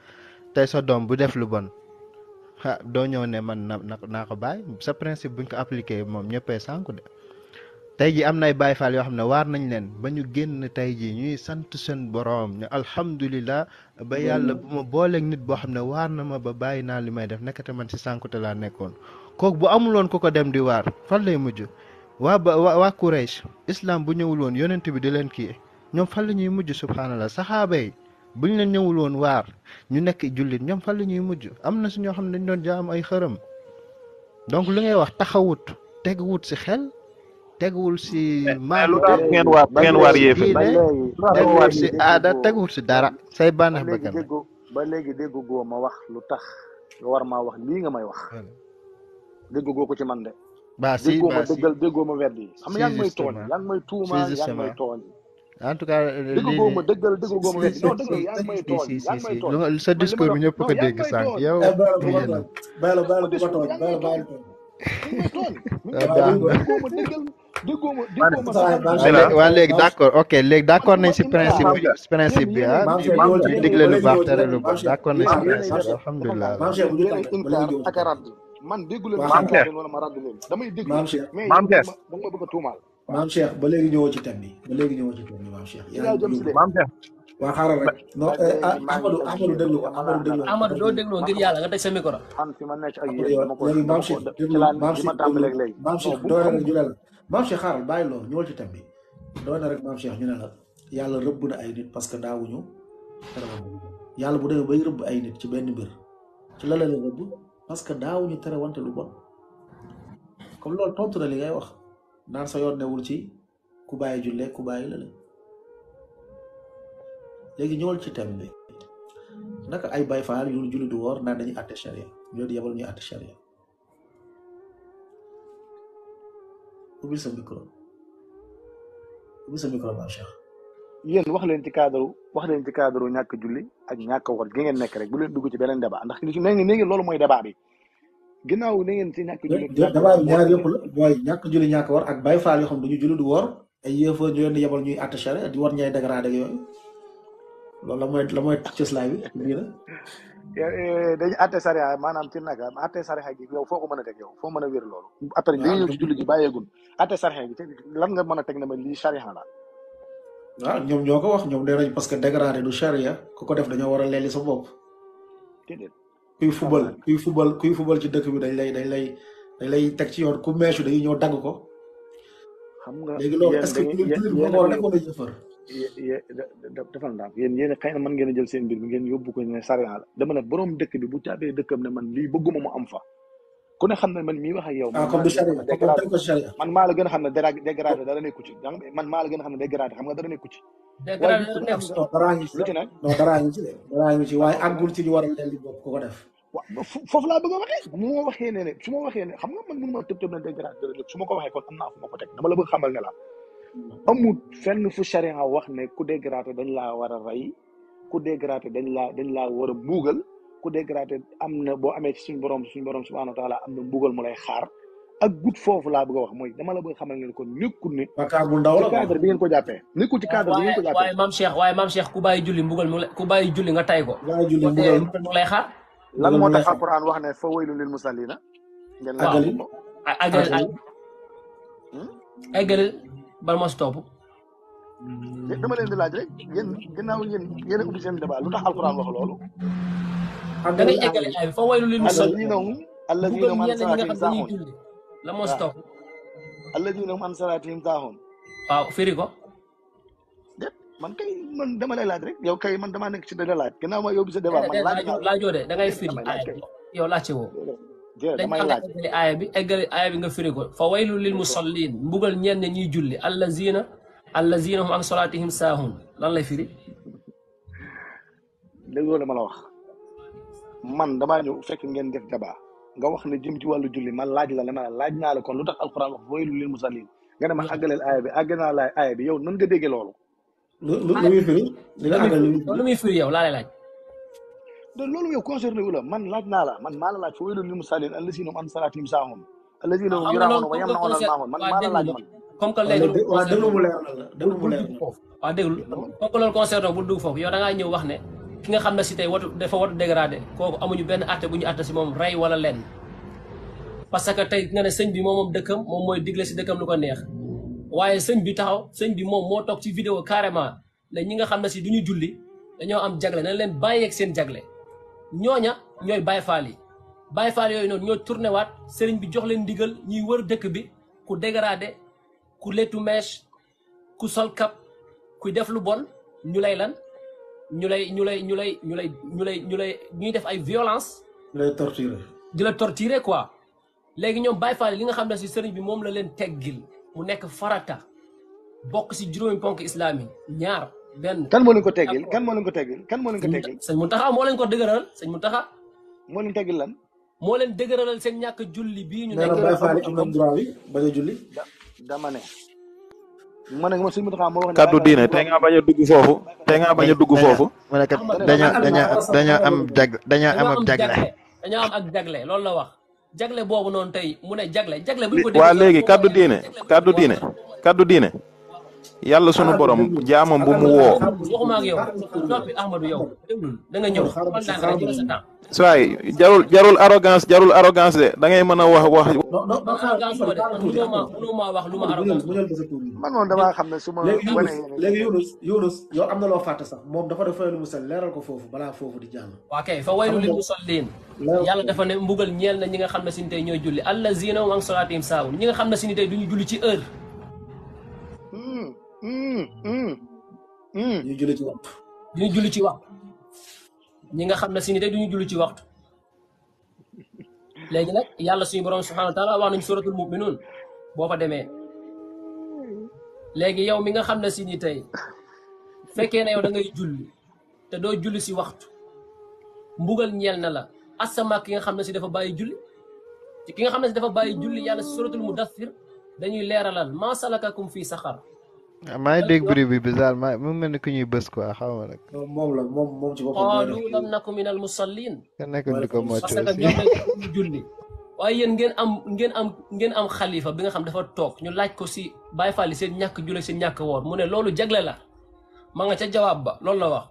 tey sa doom bu def lu bon ah doo ñëw ne man na naa ko bàyyi sa principe buñ ko appliqué moom ñëppee sànku de tey jii am na ay Baay Faal yoo xam ne waar nañ leen ba ñu génn tey jii ñuy sant seen boroom ñu alhamdulilah ba yàlla bu ma booleeg nit boo xam ne waar na ma ba bàyyi naa li may def nekkate man si sànkute laa nekkoon kook bu amuloon ku ko dem di waar fan lay mujj waa ba waa Quraysh islam bu ñëwul woon yonent bi di leen kii ñoom fan la ñuy mujj subhaanallah saxaaba buñ la ñëwul woon waar ñu nekk jullit ñom fa lañuy mujj amna suñu xam nañ doon jaam ay xërem donc li ngay wax taxawut teguwut ci xel teguwul ci maam lu tax ngeen waar ngeen waar yéef teguwul ci aada teguwul ci dara say banax ba gam ba léegi déggu go ma wax lu tax nga war ma wax li nga may wax déggu go ko ci man de ba si ba si déggoo ma dëggal déggoo ma weddi xam nga yaa ngi may tooñ yaa may tuuma yaa ngi may tooñ en tout cas euh, lii dëgg góoma dëggal dëgg góoma non dëgg yaa ngi may tooñ yaa ngi may tooñ sa discours bi ñëpp ko dégg sànq yow baylo baylo bu ko tooñ baylo baylo tooñ góoma dëggal dëggooma dëggooma waa léegi d'accord ok léegi d'accord nañ si principe bi si principe bi ah ñu digle lu baax tere lu baax d'accord nañ si principe bi alhamdulilah man déggu leen wala ma ràdd leen damay dégg mais da nga ma bëgg a tuumaal maam Cheikh ba léegi ñëwoo ci thème bi ba léegi ñëwoo ci thème bi maam Cheikh. yaa ngi déglu maam Cheikh. waa xaaral rek non eh, ah, Amadou Amadou déglu ko Amadou déglu doo déglu ngir yàlla nga teg sa micro. man fi ma nekk na rek ñu ne la na la yàlla rëbb na ay nit parce que daawuñu teral yàlla bu demee bay rëbb ay ci benn mbir ci la parce que daawuñu terewante lu bon comme loolu tontu na li wax. nar sa yone wul ci ku baye julle ku la la legi ñëwal ci thème bi naka ay baye faal yu julli du wor nan dañuy atté sharia ñu di yabal ñu atté sharia ubi sa micro ubi sa micro ma cheikh yeen wax leen ci cadre wax leen ci cadre ñak julli ak ñàkk wor gi ngeen nek rek bu leen dugg ci benen débat ndax ne ngeen loolu moy débat bi ginaaw na ngeen ci ñàkk julli damaa ñaar yëpp la mooy ñàkk julli ñàkk war ak bay faal yoo xam ñu julli du wor ay yëfa ñu leen di yebal ñuy àtte di war ñay dégradé yooyu loolu la mooy la mooy slide bi lii la ya, eh, dañu atté ay manam ci naka atté sariya gi yow foko mëna tek yow fo mëna wër wér loolu après dañuy ñu ci julli gi bàyyeegun atté sariya gi lan nga mëna tek teg ne ma lii sariya la wa ñom ñoko wax ñom nee nañ parce que dégradé du sharia ku ko def dañu wara a sa bop déedéet kuy fubal kuy fubal kuy ci dëkk bi dañ lay dañ lay lay teg ci yoon ku meesu dañuy ñëw dagg ko. xam nga léegi loolu est-ce que defal naa ko yéen yéen xëy na man ngeen a jël seen mbir bi ngeen yóbbu ko ne sariya la dama ne borom dëkk bi bu caabee dëkkam ne man lii bëgguma mu am fa. ku ne xam ne man mii wax ak yow. ah comme du charia comme du charia man maa la gën a xam ne dégradé dara nekku ci man maa la gën a xam ne dégradé xam nga dara nekku ci. dégradé dara nekku ci waaye daraa ñu ci non daraa ñu ci de daraa ko def. waaw foofu ma waxee ne ne su ma ne xam man mënu ma tëb tëb na dégradé dara nekk su ma ko waxee kon am naa fu ma ko teg dama la bëgg xamal ne la amul fenn fu charia wax ne ku dégradé dañ laa war a rey ku dégradé dañ laa dañ laa war a buugal ku dégradé am na boo amee suñ ci suñu borom suñu borom subhanahu wa taala am na mbugal mu lay xaar ak gut foofu laa bëgg a wax mooy dama la bëgg xamal ngeen ko nekkul ne. bakkaar bu ndaw la bi ngeen ko jàppee. nekkul ci cadre bi ngeen ko jàppee waaye maam Cheikh waaye maam Cheikh ku bàyyi julli mbugal mu ku bàyyi julli nga tay ko. bàyyi julli mbugal mu lay xaar. lan moo tax alquran wax ne fa waylun lil musallina. ngeen la agali agali agali hmm? bal ma si topp. dama leen di laaj rek yéen ginnaaw yéen yéen a lu tax alquran wax loolu. da ngay eggale ay fa waylu lil musalliin alladhiina hum an salaatihim saahuun an salaatihim saahuun waaw ma yóbbu sa débat da ngay firi aaya bi yow laajte woo damay laaj dañ lan lay firi déggoo la ma la wax man damaa ñëw fekk ngeen def débat nga wax ne jëm ci wàllu julli ma laaj la ne ma laaj naa la kon lu tax alxuraan wax waylul lil musallin nga ne ma àggaleel aaya bi àgg naa laay aaya bi yow nan nga déggee loolu. lu lu muy firi. lu muy firi yow laa lay laaj. donc loolu la man laaj naa la man maa la laaj fa waylul lil musallin allazina hum an salaatihim saahuun. allazina hum yuraahuuna wa yamna'uuna al-maa'uun man maa la laaj man. comme que léegi loolu. waaw déglu mu leer la déglu mu leer la. ne ki nga xam ne si tey watu dafa watu dégradé kooku amuñu benn àtte bu ñu àtte si moom rey wala lenn parce que tey nga ne sëñ bi moom moom dëkkam moom mooy digle si dëkkam lu ko neex waaye sëñ bi taxaw sëñ bi moom moo toog ci vidéo carrément ne ñi nga xam ne si du ñu julli dañoo am jagle nañ leen bàyyeeg seen jagle ñooña ñooy Baye Fall yi Baye Fall yooyu noonu ñoo tourné waat sëriñ bi jox leen ndigal ñuy wër dëkk bi ku dégradé ku lettu mèche ku sol cap ku def lu bon ñu lay lan ñu lay ñu lay ñu lay ñu lay ñu lay ñu lay ñuy def ay violence ñu lay torturer di la torturer quoi légui ñom bay faal li nga xamné ci sëriñ bi mom la leen teggil mu nekk farata bok ci juroom ponk islami ñaar ben kan mo kan leen ko teggil kan mo leen ko teggil kan mo leen ko teggil sëñ Muntaxa mo leen ko dëgëral sëñ Muntaxa mo leen teggil lan mo leen dëgëralal seen ñàkk julli bi ñu nekk bay faal ci ñom droit wi ba julli dama ne ma ne ma sëñ Mountakha moo wax ne kaddu diine tey ngaa bañ a dugg foofu tey ngaa bañ a dugg foofu ma ne kat dañoo dañoo dañoo am jag dañoo am ak jagle dañoo am ak jagle loolu la wax jagle boobu noonu tey mu ne jagle jagle waa léegi kaddu diine kaddu diine kaddu diine yàlla sunu borom jaamam bu mu woo. waxuma ak yow noppi Ahmadou yow da nga ñëw sa temps. saay jarul jarul arrogance jarul arrogance de da ngay a wax wax. man moom damaa xam ne su ma. léegi Younus léegi Younus Younus yow am na loo fàtte sax moom dafa def lu mu sal leeral ko foofu balaa foofu di jàll. waaw kay fa waylu li mu sol leen. yàlla dafa ne mbugal ñeel na ñi nga xam ne si ni tey ñooy julli allazina an salaatihim saahun a nga xam ne si ni tey julli ci heure. Hmm, hmm. hmm. ñu julli ci waxtu ñu julli ci waxtu ñi nga xam ne si ni tey duñu julli ci waxtu léegi nag yàlla suñu borom subhanahu wa taala wax nañ suratul muminun boo fa demee léegi yow mi nga xam ne si ni tey fekkee ne yow da ngay julli te doo julli si waxtu mbugal ñeel na la asama ki nga xam ne dafa bàyyi julli ki nga xam ne dafa bàyyi julli yàlla suratul mudathir dañuy leeralal ma salakakum fi saxar Ah, maa ngi dégg bruit bi bizarre maa mu mel ni ku ñuy bës quoi xaw ma nag. moom la moom moom ci boppam. qalu lam naku min al musallin. te nekkul di ko mocc aussi julli. waaye yéen ngeen am ngeen am ngeen am xalifa bi nga xam dafa toog ñu laaj ko si Baay Faal seen ñàkk julli si ñàkk woor mu ne loolu jagle la ma nga ca jawaab ba loolu la wax.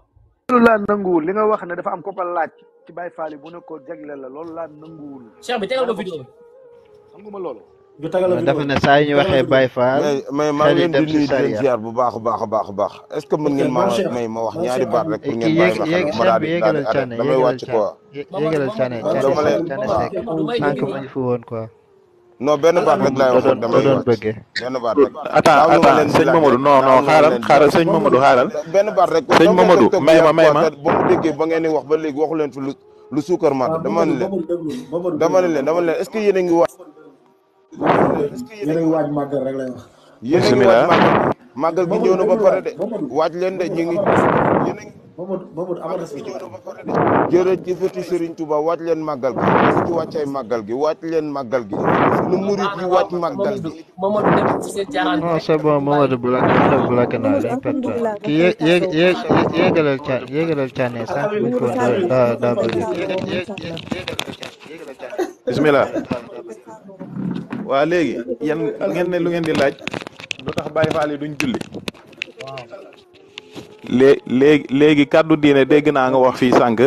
loolu laa nanguwul li nga wax ne dafa am ko ko laaj ci Baay Faal bu ne ko jagle la loolu laa nanguwul. Cheikh bi tegal ko vidéo bi. xam nga ma loolu. dafa ne saa yi ñu waxee Baye Fall. mais maa ngi leen di nuyu di leen ziar bu baax a baax a a may ma wax ñaari baat rek. pour ngeen baat rek laay doon bëggee. benn baat rek attends attends sëñ Mamadou non non xaaral xaaral sëñ Mamadou xaaral. benn baat rek sëñ Mamadou may ma may ma. ba mu déggee ba ngeen wax ba léegi waxu fi lu suukar mat dama ne leen dama ne leen dama ne a ngi wax yéen a ngi waaj màggal rek lay wax. yéen a ngi waaj màggal. màggal gi ñëw na ba pare de. waaj leen de ñu ngi. yéen a ngi màggal gi ñëw na ba pare de. jërëjëfati Serigne Touba waaj leen màggal gi. su ci wàccay màggal gi waaj leen màggal gi. nu murit yi waaj màggal gi. non c'est bon Mamadou bloqué na bloqué naa dañ perte ki yé yé yé yéegalal ca yéegalal ca ne sànq buñ ko daa daa bëri. bismillah. waa léegi yan ngeen ne lu ngeen di laaj lu tax Baye Fall yi duñ julli léegi léegi kàddu diine dégg naa nga wax fii sànq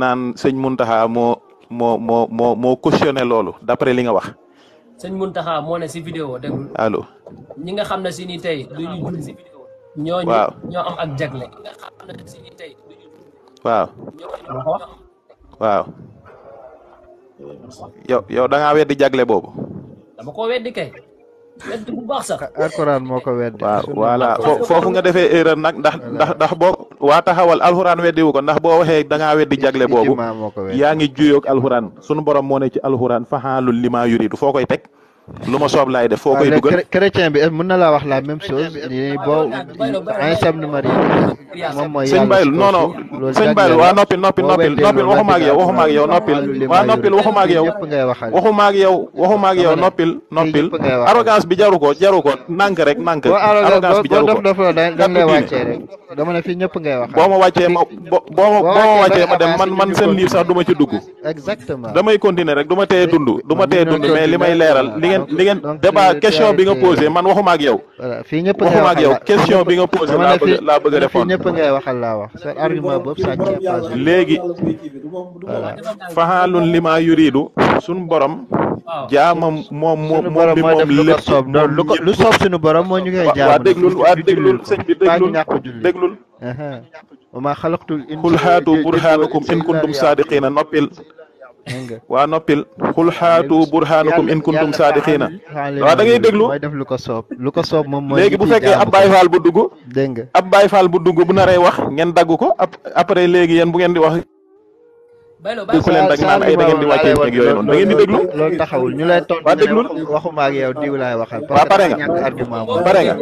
naan sëñ Muntaxa moo moo moo moo moo cautionné loolu d'après li nga wax sëñ Muntaxa moo ne si vidéo déglu allo ñi nga xam ne si ñoo am ak jagle waaw waaw yow yow da ngaa weddi jagle boobu. dama ko weddi kay. weddi bu baax sax. ko weddi. waaw voilà foofu nga defee nag ndax ndax ndax boo waa taxawal alxuraan weddi ko ndax waxee da ngaa weddi jagle boobu yaa ngi juyoog alxuraan borom moo ne ci alxuraan faxaalul lima yuridu foo koy lu ma soob lay def foo koy dugal chrétien bi eh, mën na laa wax la même eh, chose ni boo Iisaa ibn Maryam moom mooy sëñ Baylu non non sëñ Bayil waa noppil noppil noppil noppil waxuma ak yow waxuma ak yow noppil waa noppil waxuma ak yow waxuma ak yow waxuma ak yow noppil noppil arrogance bi jaru ko jaru ko nànk rek nànk arrogance bi jaru ko wàccee rek dama ne fi ñëpp ngay wax boo ma wàccee ma boo ma boo ma wàccee ma dem man man seen livre sax duma ma ci dugg exactement damay continuer rek duma ma teye dund du teye dund mais li may leeral ngeen di ngeen débat question bi nga posé man waxuma ak yow. fii ñëpp bi nga posé laa laa bëgg a répondre. fii ñëpp ngay waxal laa wax sa argument boobu sàcc léegi faxaalun li yu yuriidu suñu borom. jaamam moom moom moom bi moom lépp soob lu ko lu soob suñu borom moo ñu koy jaam waa déglul waa déglul sëñ bi déglul déglul. wa maa xalaqtul insa qul haatu burhaanakum in kuntum saadiqiina noppil wa nopil khul hatu burhanakum in kuntum sadiqina wa da ngay deglu way def lu sop luko sop mom moy legi bu fekke ab bay fal bu duggu deng ab bay fal bu duggu bu naray wax ngeen daggu ko après legi yeen bu ngeen di wax baylo bay ku leen dag naan ay da ngeen di wacce ak yoy non da ngeen di deglu lol taxawul ñu lay tontu wa deglu waxuma ak yow diw lay waxal wa pare nga pare nga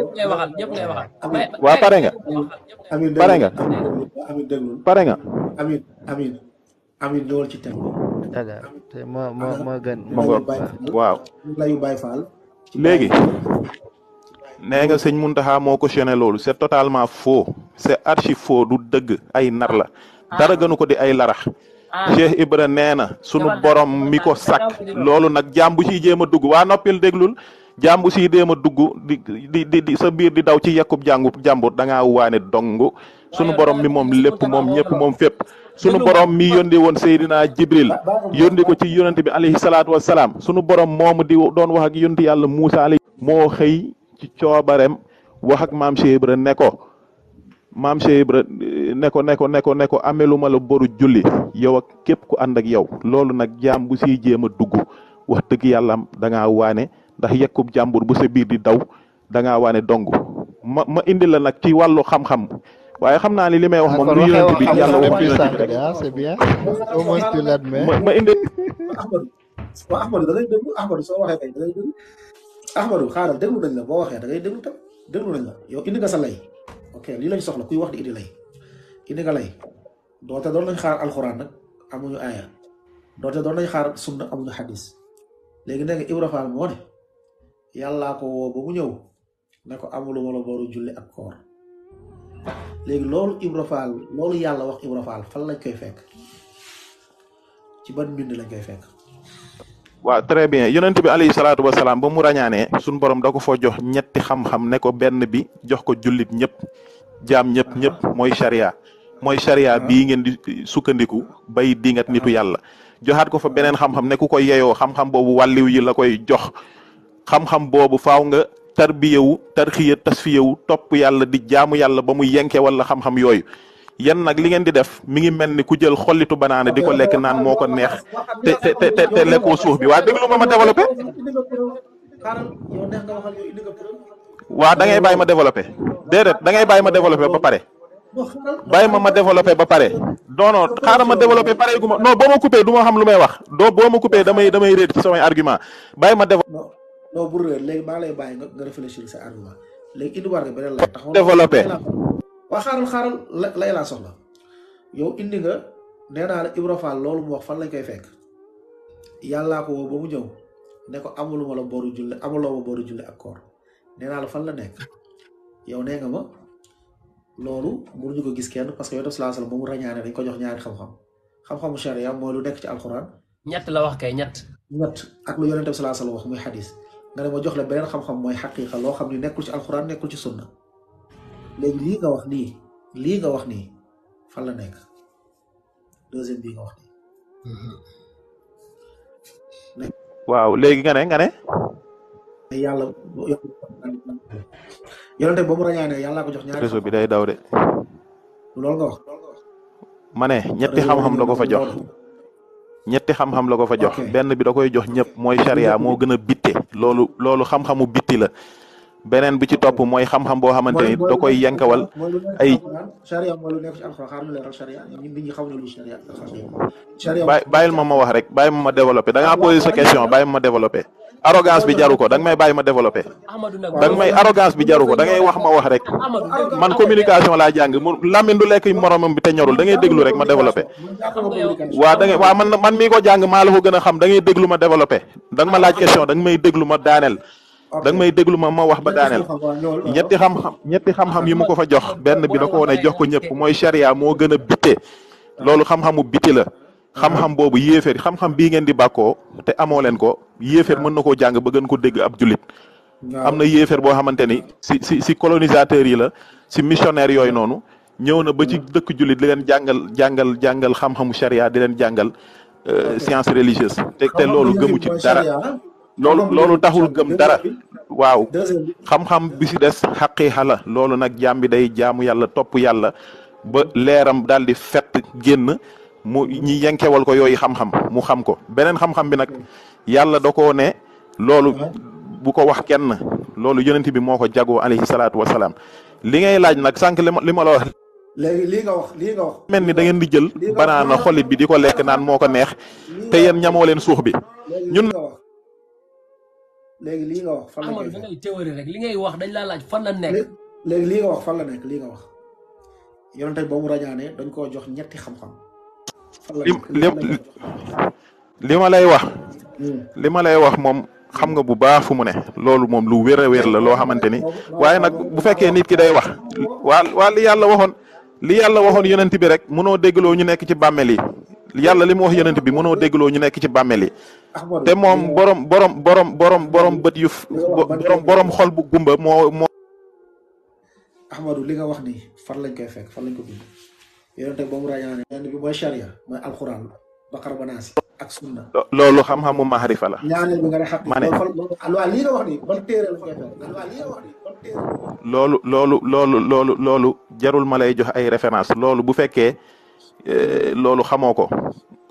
wa pare nga pare nga pare nga amin amin amin dol ci tempo daga te moo ma ngoog waaw layu Baye Fall léegi nee nga sëñ Muntaxa moo cautionné loolu c'est totalement faux c'est archi faux du dëgg ay nar la ah. dara gënu ko di ay larax Ah. Cheikh Ibra nee na sunu borom mi ko sàkk loolu nag jaam bu ciy jéem a dugg waa noppil déglul jaam bu ciy a dugg di di di sa biir di daw ci yekkub jàngu jàmbur da waane dong sunu borom mi moom lépp moom ñëpp moom fépp sunu borom mi yónni woon Seydina Jibril yónni ko ci yonent bi alayhi salaatu wassalaam sunu borom moom di doon wax ak yonent yàlla Muusa alayhi moo xëy ci coobareem wax ak maam Cheikh Ibra ne Mam sey ibra neko neko neko ko ne ko ne ko ameluma la boru julli yow ak kep ku and ak yow lolou nak jam bu sey jema duggu wax deug yalla da nga wane ndax yakub jambur bu se bir di daw da nga wane dongu ma ma indi la nak ci walu xam-xam waye xamna ni limay wax mom ah, lu yonent bi yalla wax ah, c'est bien au moins tu l'admets ma indi ahmadou da ngay deug ahmadou so waxe tay da ngay deug ahmadou xaaral déglu nañ la bo waxe da ngay déglu tam déglu nañ la yow indi nga sa lay ok li lañ soxla kuy wax di indi lay indi nga lay doote doon lañ xaar alquran nag amuñu aaya doote doon lañ xaar sunna amuñu xadis léegi nek ibra faal nako ne yalla ko wo bu mu ñew ne ko ibrafal, la boru julli ak koor léegi lool ibra wax ibra fal lañ koy fekk ci ban mbind lañ koy fekk waaw très bien yonent bi alayhi salaatu wa salaam ba mu rañaanee suñu borom da ko foo jox ñetti xam-xam ne ko benn bi jox ko jullit ñëpp jaam ñëpp ñëpp mooy charia mooy charia bii ngeen di sukkandiku bay dingat nitu yàlla joxaat ko fa beneen xam-xam ne ku koy yeyoo xam-xam boobu wàlliw yi la koy jox xam-xam boobu faaw nga tarbiyewu tarxiya tasfiyewu topp yàlla di jaamu yàlla ba mu yenke wala xam-xam yooyu yan nag li ngeen di def mi ngi mel ni ku jël xollitu banaana di ko lekk naan moo ko neex te te lekkoo suuf bi waa déglu ma ma développé. waa da ngay bàyyi ma développé déedéet da ngay bàyyi ma développé ba pare. bàyyi ma ma développé ba pare non non xaaral ma développé pare gu ma non boo ma coupé du ma xam lu may wax doo boo ma coupé damay damay réer ci samay argument bàyyi ma développé. non non léegi maa lay bàyyi nga réfléchir sa argument léegi indiwaat nga beneen waa xaaral xaaral lay la soxla yow indi nga nee naa la Ibra Fall loolu mu wax fan lañ koy fekk yàllaa ko woo ba mu ñëw ne ko amuluma la boru julli amuloo ma boru julli ak koor nee naa la fan la nekk yow nee nga ma loolu mënuñu ko gis kenn parce que yow daf salaa salaam mu rañaane dañ ko jox ñaari xam-xam xam-xamu charia mooy lu nekk ci alquran ñett la wax kay ñett. ñett ak lu yonente bi salaa salaam wax muy xadis nga ne ma jox la beneen xam-xam mooy xaqiqa loo xam ni nekkul ci alquran nekkul ci sunna léegi lii nga wax nii lii nga wax nii fan la nekk waaw léegi nga ne nga ne. yàlla yonente ba mu rañaane ko jox ñaari bi day daw de. loolu ma ne ñetti xam-xam la ko fa jox. ñetti xam-xam la ko fa jox benn bi da koy jox ñëpp mooy charia moo gën a bitte loolu loolu xam-xamu bitti la benen bi ci top moy xam-xam bo xamanteni da koy yankawal ay sharia mo lu nek ci alxuraan xam na leeral sharia nit ñi xam na lu sharia sharia bayil ma ma wax rek bayil ma ma développé da nga poser sa question bayil ma ma développé arrogance bi jaru ko da nga may bàyyi ma développé da nga may arrogance bi jaru ko da ngay wax ma wax rek man communication la jang lamine du lek moromam bi te ñorul da ngay déglu rek ma développé wa da ngay waa man man mi ko jang ma la ko gëna xam da ngay déglu ma développé da nga ma laaj question da nga may déglu ma danel da nga may déglu ma ma wax ba daaneel ñetti xam-xam ñetti xam yi ma ko fa jox benn bi da ko wone jox ko ñëpp mooy charia moo gën a bite loolu xam-xamu biti la xam-xam boobu yéeféer xam-xam bii ngeen di bakkoo te amoo leen ko yéeféer mën na koo jàng ba gën ko dégg ab jullit am na yéeféer boo xamante ni si si si colonisateur yi la si missionnaire yooyu noonu ñëw na ba ci mm. dëkk jullit di leen jàngal jàngal jàngal xam-xamu di leen jàngal euh, science religieuse te te loolu gëmu ci dara ah? loolu loolu taxul gëm dara waaw xam-xam bi si des xaqiixa loolu nag jaam bi day jaamu yàlla topp yàlla ba leeram daal di fett génn mu ñi yenkewal ko yooyu xam-xam mu xam ko beneen xam-xam bi nag yàlla da koo ne loolu bu ko wax kenn loolu yonent bi moo ko jagoo alayhi salaatu wa salaam li ngay laaj nag sànq li ma li ma la wax. ni da ngeen di jël banaana xolit bi di ko lekk naan moo ko neex te yéen ñamoo leen suux bi ñun. léegi lii nga wax fan la amal fa ngay théorie rek li ngay wax dañ laa laaj fan la nekk. léegi lii nga wax fan la nekk lii nga wax yonente boobu rañaane dañ koo jox ñetti xam-xam. fan la nekk li ma lay wax. Hmm. li ma lay wax moom. xam nga bu baax fu mu ne loolu moom lu wér a wér la loo xamante ni waaye nag bu fekkee nit ki day wax waa waa li yàlla waxoon li yàlla waxoon yonent bi rek mënoo déggloo ñu nekk ci bàmmeel yi yalla limu wax yonent bi mëno déggloo ñu nekk ci bàmmeel té mom borom borom borom borom borom bëd yu borom borom xol bu gumba mo mo ahmadu li nga wax ni far lañ koy fekk far lañ ko bind yonent ba mu ràññaane yonent bi moy sharia moy alquran bakar banasi ak sunna lolu xam-xamu mahrifa la ñaan bi nga ne xam lolu li nga wax ni ban téré lu koy fekk lolu li nga wax ni lolu lolu lolu lolu loolu jarul malay jox ay référence lolu bu fekkee Eh, lolu xamoko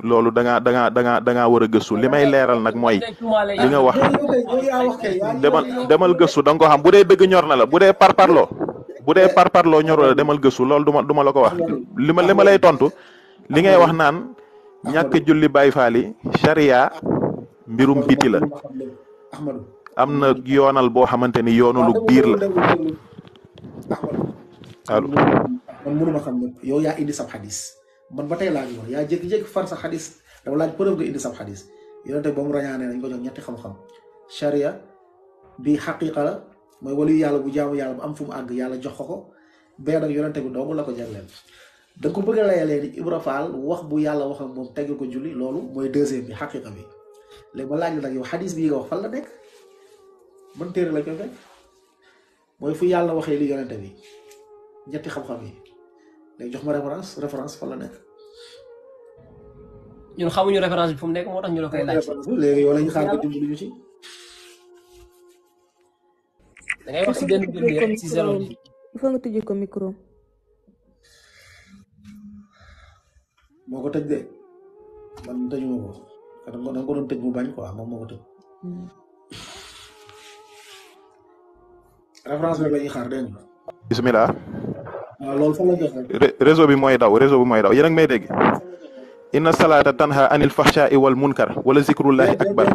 lolu da nga da nga da nga da nga wara a limay leral nak leeral li nga wax demal demal gëstu dang ko xam budé bëgg ñor na la budé par parlo budé par parlo ñor la demal gëstu lolu duma duma la ko wax lima lima lay tontu li ngay wax naan ñak julli Baay fali sharia mbirum biti la amna yonal bo xamanteni la allo. man mënuma xam yow ya indi sab hadith man ba tey laaju ma yaa jékki-jékki fan sa xadis dama laaj preuve nga indi sam xadis yonente ba mu rañaane nañ ko jox ñetti xam-xam charia bi xaqiqa la mooy walu yàlla bu jaamu yàlla bu am fu mu àgg yàlla jox ko ko benn ak yonente bi doomu la ko jagleel da ko bëgg a layalee ni wax bu yàlla wax ak moom ko julli loolu mooy deuxième bi xaqiqa bi léegi ma laaj la nag yow bi bii nga wax fan la nekk man téere la ko fekk mooy fu yàlla waxee li yonente bi ñetti xam-xam yi léegi jox ma référence référence fan nekk. ñun xawuñu référence bi nekk moo tax ñu la koy laaj. léegi yow la ñu xaar nga dimbali si benn nga tëjee ko micro. moo ko tëj de man tëjuma ko da nga ko doon tëj mu bañ quoi moom moo ko tëj. Hmm. référence bi la xaar dégg nga. réseau bi moy daw réseau bi moy daw yéen ak may dégg inna salata tanha anil fahsha'i wal munkar wala zikrullahi akbar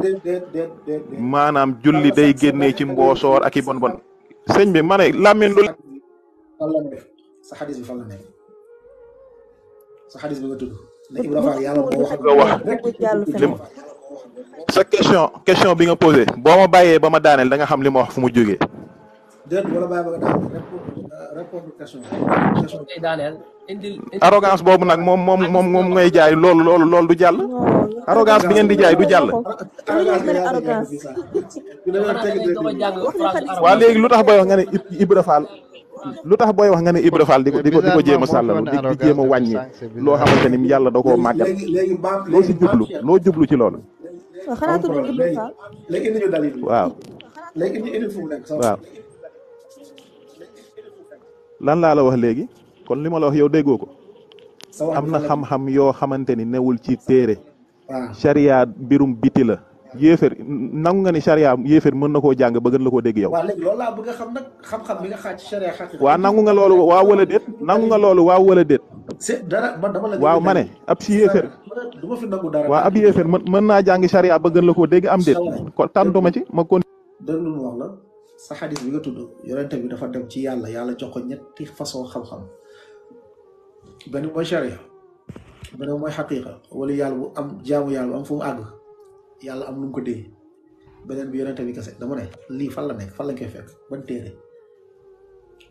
manam julli day genné ci mbossor ak bon bon sëñ bi mané lamine làmmiñ lu sa hadith bi fa la nekk sa hadith bi nga tudd ne Ibrahima yàlla moo wax nga wax sa question question bi nga poser boo ma bàyyee ba ma daaneel da nga xam li mo wax fu mu jógee déet wala bàyyi ba nga daaneel rapport kaso ngay daaneel indil arrogance boobu nag moom moom moom moom ngay jaay loolu loolu loolu du jàll. arrogance bi ngeen di jaay du jàll. waa léegi lu tax booy wax nga ne Ibra Fall lu tax booy wax nga ne Ibra Fall di ko di ko di ko jéem a sàllalu di di jéem a wàññi loo xamante ni yàlla da koo màggat loo si jublu loo jublu ci loolu. waaw. waaw. lan laa la wax léegi kon li ma la wax yow déggoo ko. am na xam-xam yoo xamante ni newul ci téere. waaw charia mbirum biti la. yéefér nangu nga ni charia yéefér mën na koo jàng ba na la koo dégg yow. waaw xam nag xam-xam bi nga xaaj waaw nangu nga loolu waaw wala déet nangu nga loolu waaw wala déet. c'est waaw ma ne ab si yéefér. du ma fi ab yéefér mën mën naa jàng charia ba gën la koo dégg am déet. ko tàntuma ci ma kon. sa xadis bi nga tudd yonente bi dafa dem ci yàlla yàlla jox ko ñetti façon xam-xam benn mooy charia benn mooy xaqiqa wala yàlla bu am jaamu yàlla bu am fu àgg yàlla am nu ko dee beneen bi yonente bi kese dama ne lii fan la nekk fan lañ koy fekk ban téere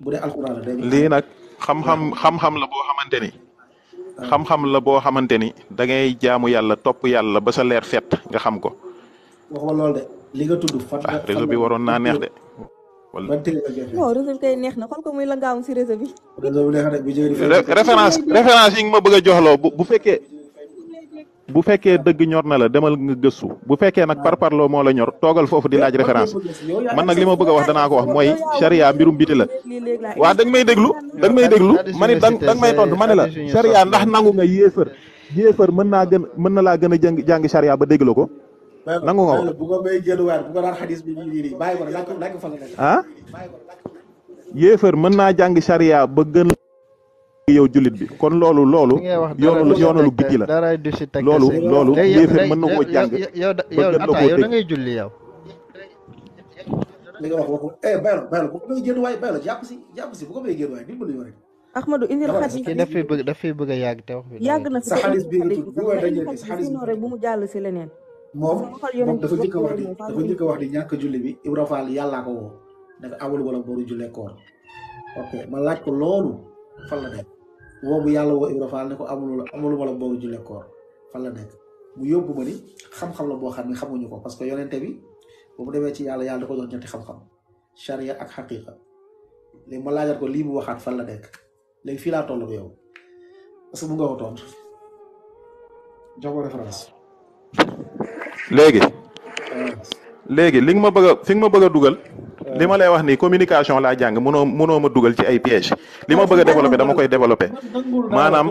bu dee alxuraan la lii nag xam-xam xam-xam la boo xamante ah. xam-xam la boo xamante ni da ngay jaamu yàlla topp yàlla ba sa leer fet nga xam ko waxuma loolu de li nga tudd fan nga ah, réseau bi waroon naa neex de wala ban télé nga joxe non réseau kay neex na xool ko muy la nga am si réseau bi réseau bi neex na bu jëri référence référence yi nga ma bëgg a joxloo bu fekkee bu fekkee dëgg ñor na la demal nga gëstu bu fekkee nag par parloo moo la ñor toogal foofu di laaj référence man nag ah, li ma bëgg a wax danaa ko wax mooy mbirum biti la waa may déglu may déglu ma ni may tontu ma ne la ndax nangu nga mën naa gën mën na laa gën a jàng ba ko nangu nga ko bu ko may jël weer bu ko daan xadis bi nii ko la ah yéefar mën naa jàng sharia ba gën yow julit bi kon lolu loolu yoonu yoonu giddi la lolu loolu yéefar mën na koo jàng ba gën la koo yow da ngay julli yow li nga wax waxu eh bayal bayal bu ko may génn waay bayal jàpp si jàpp si bu ko may génn waay dimbali yow rek Ahmadou indil xadis ki dafay bëgg dafay bëgg a te wax na fi bi bu bi bu mu leneen moom moom dafa njëkk a wax di dafa njëkk wax di ñàkk julli bi Ibra Fall yàllaa ko woo dafa awul wala booru ok ma laaj ko loolu fan la nekk boobu yàlla woo Ibra Fall ne ko amul amul wala booru jullee koor fan la nekk mu yóbbu ma ni xam-xam la boo xam ne xamuñu ko parce que yonente bi bu mu demee ci yàlla yàlla da ko doon ñetti xam-xam charia ak xaqiqa léegi ma laajal ko lii mu waxaat fan la nekk léegi fii laa toll parce que mu nga ko tontu jox ko référence léegi mm. léegi li nga ma bëgg a fi nga ma bëgg a dugal li ma lay wax nii communication laa jàng mënoo mënoo ma dugal ci ay piège li ma bëgg a dama koy développé maanaam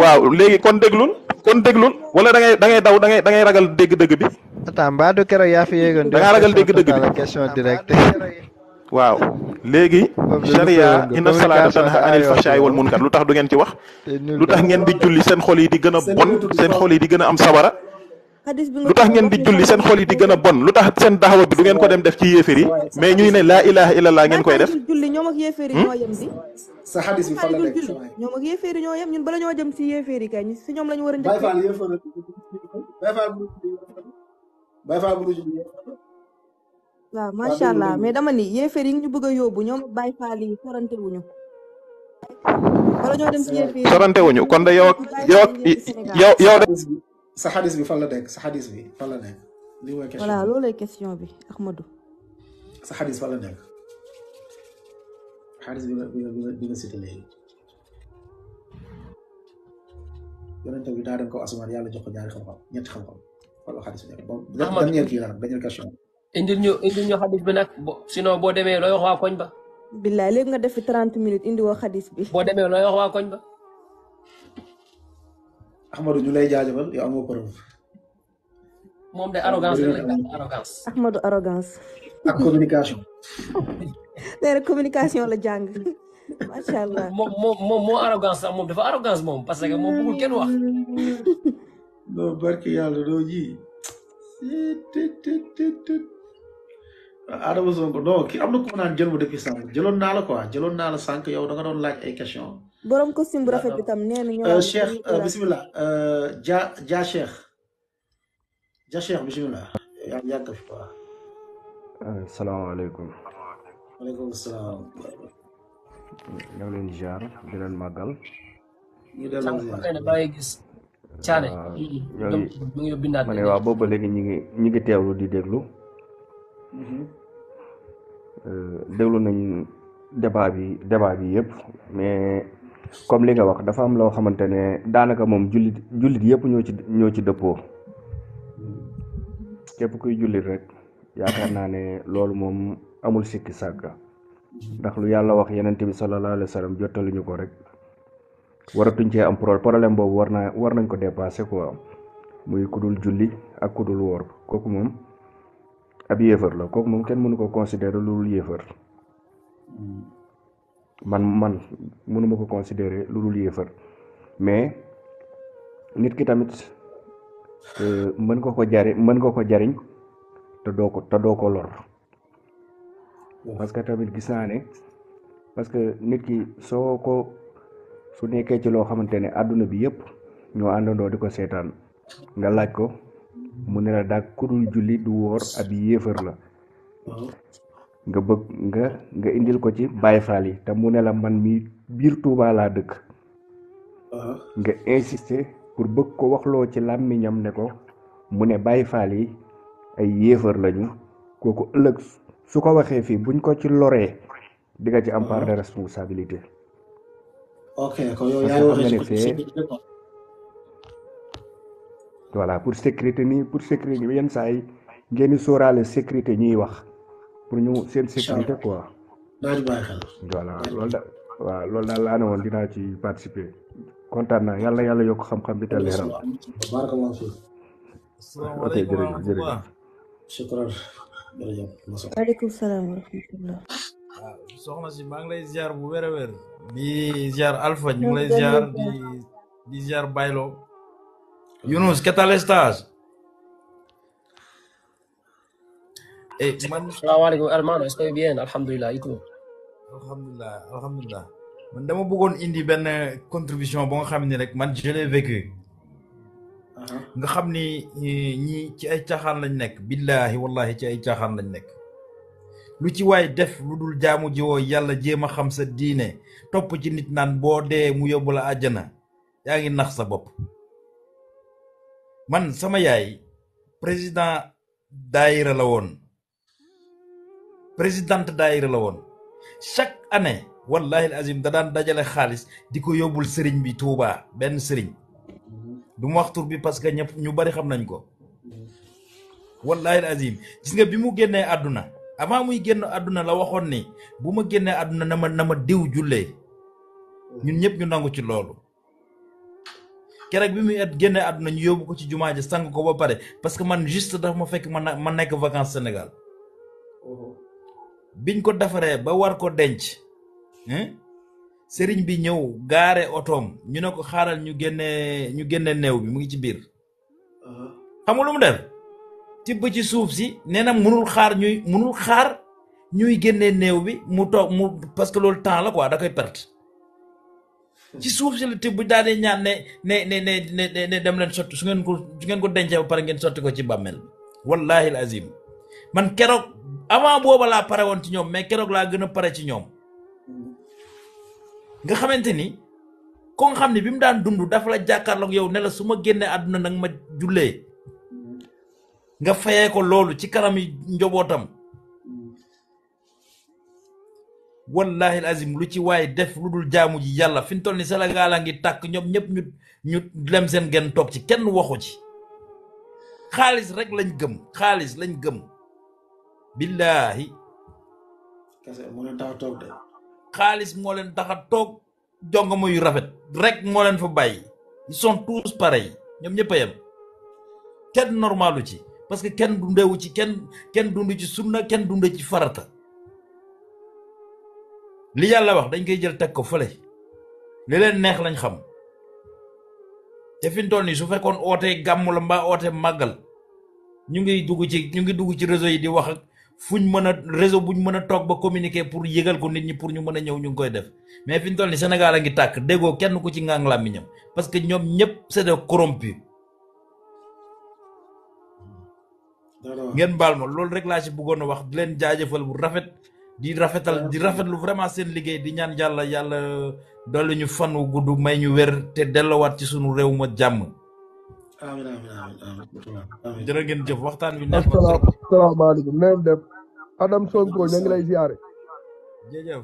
waaw léegi kon déglul kon déglul wala da da ngay daw da ngay da ngay ragal dégg-dëgg bi attends mbaa du keroog yaa fi yéegoon da ragal dégg-dëgg bi question directe waaw léegi charia inna san tanha anil fahshaa'i wal munkar lu tax du ngeen ci wax lu tax ngeen di julli seen xol yi di gën a bon seen xol yi di gën a am sabara lutax ngeen di julli seen xol yi di gëna bon lutax seen daxawa bi du ngeen ko dem def ci yéeféer mais ñuy ne la ilaha illallah ngeen koy def julli ñom ak yéeféer hmm? ñoo yem di sa hadith bi fa la nekk ñom ak yéeféer ñoo yem ñun bala ñoo jëm ci yéeféer kay ñi ci ñom lañu wara ndëkk bay faal bu julli ma sha allah mais dama ni yéeféer ñu bëgg a yóbbu ñoom bay faal yi sorante wuñu sorante wuñu kon da yow yow yow sa xadis bi fan la nekk sa xadis bi fan la nekk. lii mooy question bi voilà loolay sa xadis fan la nekk xadis bi nga bi nga bi nga cité léegi daa dem ko asamaan yàlla jox ko ñaari xam-xam ñetti xam-xam wala xadis bi nekk bon. dernière kii la dernière question. indil ñu indil ñu xadis bi nag bo sinon boo demee looy wax waa koñ ba. billaay léegi nga def fi 30 minutes indi woo xadis bi. boo demee loo wax waa koñ ba. Ahmadou ñu lay jaajëfal yow amoo preuve. moom de arrogance lañ la arrogance. Ahmadou arrogance. ak communication. nee na communication la jàng macha allah. moom moom arrogance sax dafa arrogance moom parce que moom bëggul kenn wax. non barki yàlla doo ji. Adama Sonko non kii am na ku naan jël ma depuis sànq jëloon naa la quoi jëloon naa la sànq yow da nga doon laaj ay question borom costume bu rafet bi tam nee na ñëwaat. Euh, Cheikh euh, bisimilah euh, ja ja Cheikh jaar di leen màggal. gis. caane. ñoo ngi bindaat waaw boobu léegi ñu ngi ñu ngi teewlu di déglu. Mm-hmm. déglu nañ débat bi débat bi yëpp mais. comme li nga wax dafa am loo xamante ne daanaka moom jullit jullit yëpp ñoo ci ñoo ci dëppoo képp kuy jullit rek yaakaar naa ne loolu moom amul sikki sàkka ndax lu yàlla wax yeneen bi sallallahu alayhi wa sallam jottaluñu ko rek war waratuñ cee am problème boobu war naa war nañ ko am quoi muy kudul julli ak kudul woor kooku moom ab yéefar la kooku moom kenn mënu ko considérer lu dul yéefar man man mënuma ko considérer lu dul yéefar mais nit ki tamit euh, mën nga ko jari mën ko ko jariñ te doo ko te doo ko lor parce que tamit gis naa ne parce que nit ki soo ko su nekkee ci loo xamante ne àdduna bi yépp ñoo àndandoo di ko seetaan nga laaj ko mu ne la daag dul julli du ab yéefar la nga bëgg nga nga indil ko ci Baye Fall yi te mu ne la man mi biir Touba laa dëkk uh-huh. nga insister pour bëgg ko waxloo ci làmmiñam ne ko mu ne Baye Fall yi ay yéefar lañu kooku ëllëg su ko waxee fii buñ ko ci loree di nga ci am part de uh-huh. responsabilité ok kon yow yaa ci voilà pour sécurité ni pour sécurité yenn saa yi ngeen sóoraale sécurité ñuy wax pour ñu seen sécurité quoi daa ci bàyyi xel voilà loolu da waaw loolu daal laa ne woon dinaa ci participer kontaan naa yàlla yàlla yokk xam-xam bi te leeral barakallahu fi ok jërëjëf jërëjëf shukran jërëjëf wa rahmatullah soxna si maa ngi lay ziar bu wér a wér di ziar alpha ñu ngi lay ziar di di ziar baylo yunus que tal Eh, man salaamaaleykum Armando est-ce dama bëggoon indi benn contribution ba nga xam ni rek man je uh-huh. nga xam ni eh, ñi ci ay caaxaan lañ nekk billahi wallahi ci ay caaxaan lañ nekk. lu ci waay def lu dul jaamu jiwoo yàlla jéem a xam sa diine topp ci nit naan boo dee mu yóbbu la àjjana yaa ngi nax sa bopp. man sama yaay président daayira la woon. présidente daayira la woon chaque année wallahi azim da daan dajale xaalis di ko yóbbul sëriñ bi Touba benn sëriñ du mu wax tur bi parce que ñëpp ñu bari xam nañ ko wallahi azim gis nga bi mu génnee àdduna avant muy génn àdduna la waxoon ni bu ma génnee àdduna na ma na ma diw jullee ñun ñëpp ñu nangu ci loolu keroog bi muy at génnee àdduna ñu yóbbu ko ci jumaa ji sang ko ba pare parce que man juste dafa ma fekk ma ma nekk vacances Sénégal biñ ko defaree ba war ko denc sëriñ bi ñëw gaare otom ñu ne ko xaaral ñu génné ñu génné néw bi mu ngi ci bir uh-huh. xam lu mu def ci suuf si mënul munul xaar ñuy munul xaar ñuy génné néw bi mu toog mu parce que lool temps la quoi da koy perte ci suuf ci ñaan ne ne ne ne ne dem leen sotti su ngeen ko su ngeen ko dencee ba par ngeen sotti ko ci bammel wallahi alazim man kérok avant booba laa pare woon ci ñoom mais keroog laa gën a pare ci ñoom nga xamante ni ko xam ne bi mu daan dund dafa la jàkkaarloog yow ne la su ma génnee àdduna nag ma jullee nga fayee ko loolu ci kanam yi njobootam wallahi azim lu ci waaye def lu dul jaamu ji yàlla fi mu toll ni Sénégal a ngi tàkk ñoom ñëpp ñu ñu lem seen genn toog ci kenn waxu ci xaalis rek lañ gëm xaalis lañ gëm billaahi kese moo leen tax toog de xaalis moo leen daxa toog jongama yu rafet rek moo leen fa bàyyi ils sont tous pareils ñoom ñëpp a yem kenn normalu ci parce que kenn dundewu ci kenn kenn dund ci sunna kenn dund ci farata li yàlla wax dañ koy jël teg ko fële li leen neex lañ xam te fi mu su fekkoon ootee gàmmu la mbaa ootee màggal ñu ngi dugg ci ñu ngi dugg ci réseau yi di wax fuñ mën a réseau buñ mën a toog ba communiquer pour yëgal ko nit ñi pour ñu mën a ñëw ñu ngi koy def mais fi ñu toll ni Sénégal a ngi tàkk déggoo kenn ku ci ngang làmmiñam parce que ñoom ñëpp c'est des corrompus ngeen baal ma loolu rek laa ci bëggoon wax di leen jaajëfal bu rafet di rafetal di rafetlu vraiment seen liggéey di ñaan yàlla yàlla dolli ñu fanu wu gudd may ñu wér te ci sunu réew ma jàmm amiin amiin amiin jërë jëf waxtaan bi neex na asalaamaaleykum na ngeen def. Adam Sonko ña ngi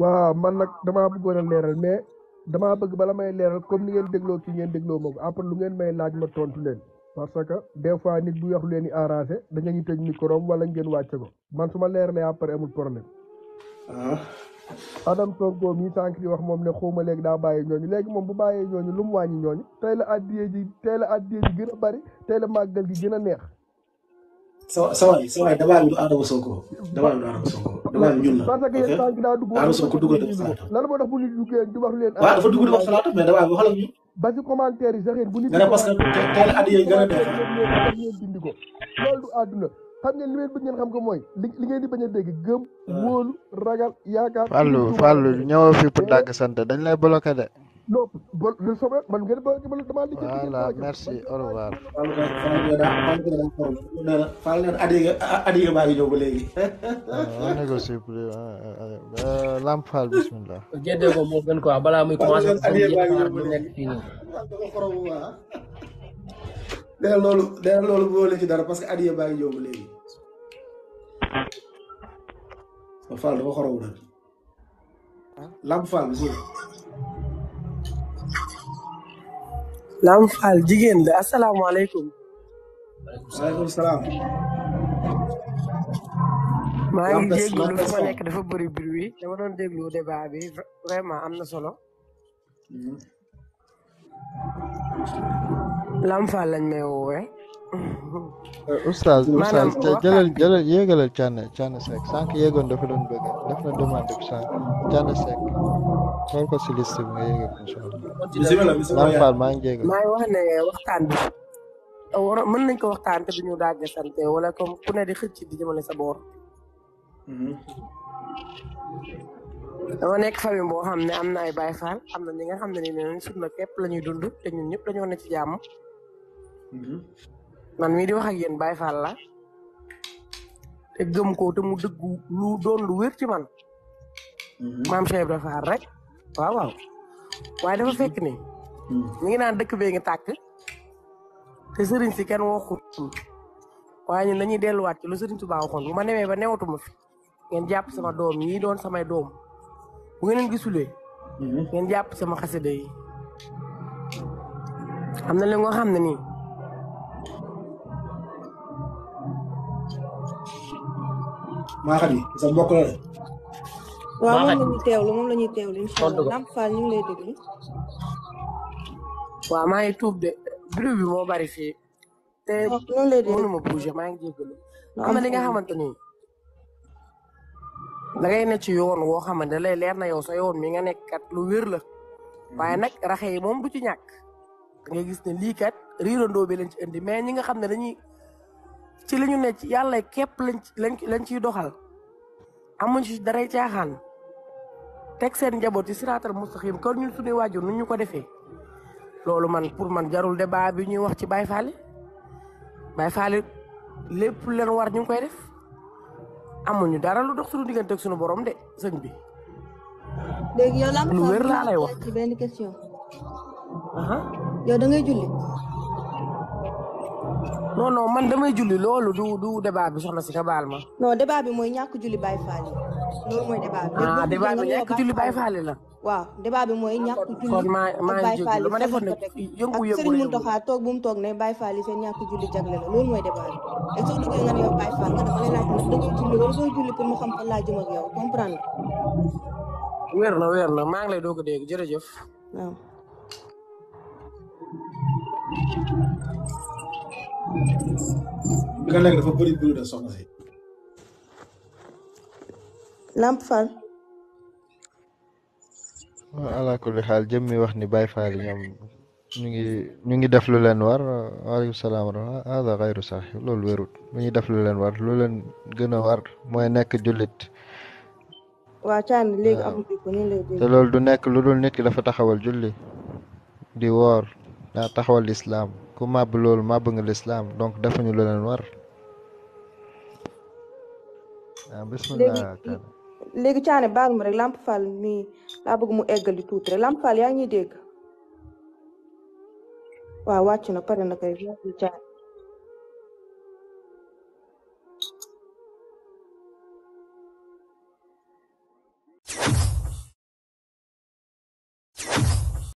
waaw man nag damaa bëggoon a leeral mais damaa bëgg bala may leeral comme ni ngeen dégloo ki ngeen dégloo moom après lu ngeen may laaj ma tontu leen. parce que des fois nit bu wax lu leen di arrangé da ngeen ñu tëj micro wala ngeen wàcce ko man su ma leeralee après amul problème. Ah. Adam Sonko mii sànq yi wax moom ne xawma léegi daa bàyyi ñooñu léegi moom bu bàyyee ñooñu lu mu wàññi ñooñu tey la addiye ji a bari tey la màggal gi gën a neex. sa sa waay sa waay damaa lu Adama Sonko damaa lu Adama Sonko ñun la. parce que yéen sànq dugg Adama Sonko dugg def salaata lan moo tax bu ñu wax leen. waaw dafa commentaire yi bu ñu. nga ne parce que tey a neex. loolu du àdduna xam lolu li ngeen bëgg ngeen xam ko mooy li ngeen di bañ a dégg gëm fi pour sant dañ lay bol sobe man ngeen dama li voilà merci au revoir ne baa ngi ñëw ba léegi lamp fal bismillah ko moo gën quoi balaa muy commencé baa ngi ñëw ba léegi dara dara ci dara parce que adiya baangi kon Fall dafa xorow na ah? Lamp jigéen. Lamp Fall jigéen la asalaamaaleykum. waaleykum salaam. maa ngi déglu lu fa nekk dafa bëri bir wi dama doon déglu vraiment am na solo. Mhm. Lamp Fall lañ may woowee. Eh, oustaz oustaz jëlal jëlal yéegalal Thiané Thiané Seck sànq yéegoon dafa doon def na demande bi sànq Thiané Seck xool ko si liste bi nga yéegal incha allah. bisimilah Fall maa ngi jéegal. maa ngi wax ne waxtaan bi waroon mën nañ ko waxtaan te du ñu daal di sant wala comme ku ne di xëcc di jëmale sa boor. Mm-hmm. nekk famille boo xam ne am na ay baay Fall am na ñi nga xam ne nii nee nañ sunna képp la ñuy dund te ñun ñëpp dañoo ne ci jàmm. Mm-hmm. man mii di wax ak yéen Baye Fall la te ko te mu dëgg lu doon lu wér ci man. Mhm. maam Cheikh Ibrahima Fall rek waaw waaw waaye fekk ni. Mhm. mi ngi naan dëkk bee ngi tàkk te sëriñ si kenn waxutul waaye ñun dañuy delluwaat ci lu sëriñ Tuubaa waxoon bu ma demee ba newatuma fi ngeen jàpp sama doom yi doon samay doom bu ngeen gisulee. Mhm. ngeen jàpp sama xasida yi am na li nga xam ne maa xam ni sa mbokk la de. waaw moom la ñuy teewlu moom la ñuy teewlu incha allah Lamp Fall ñu ngi lay déglu. waaw maa ngi tuub de bruit bi moo bari fii. te oh, ma bouger maa ngi jégalu. am na li nga xamante ni da ngay ne ci yoon woo xamante lay leer na yow sa mi nga nekk kat lu wér la. waaye nag raxe yi moom du ci ñàkk. nga gis ne lii kat riirandoo bi lañ ci indi mais ñi nga xam ne dañuy. ci li ñu ne ci yàlla képp lañ lañ lañ ciy doxal amuñ ci daray caaxaan teg seen njaboot ci siraatal mustaqim kon ñun suñuy waajur nu ñu ko defee loolu man pour man jarul de débat bi ñuy wax ci Baye Fall Baye Fall lépp leen war ñu ngi koy def amuñu dara lu dox suñu diggan ak suñu borom de sëñ bi. léegi yow lu wér laa lay wax ci benn question. yow da julli. non non man damay julli loolu du du débat bi soxna si ka baal ma. non débat bi mooy ñàkk julli Baay Faal yi loolu mooy débat bi. Ah, julli Baay Faal la. waaw débat bi mooy ñàkk julli. lu ma defoon nag yëngu yëngu toog bu mu toog ñàkk julli jagle la loolu mooy débat bi. et soo duggee nga ne yow Baay Faal nga dama julli wala doo julli pour mu xam fan laa jëm comprendre. wér na wér na maa ngi lay doo a dégg jërëjëf. bi nga nekk kulli xaal jëm mi wax ni Baye Fall ñoom ñu ngi ñu ngi def lu leen war waaleykum salaam hada xayru sax loolu wérut ñu ngi def lu leen war lu leen gën a war mooy nekk julit waaw Thiam léegi te lool du nekk lu dul nit ki dafa taxawal juli di woor daa taxawal lislaam ku màbb loolu màbb nga lislaam donc defuñu lu leen war waaw ah, bismillah léegi caane baal ma rek Lamp Fall mii laa bëgg mu eggali tuuti rek Lamp Fall yaa ngi dégg waaw wàcc na pare na kay caane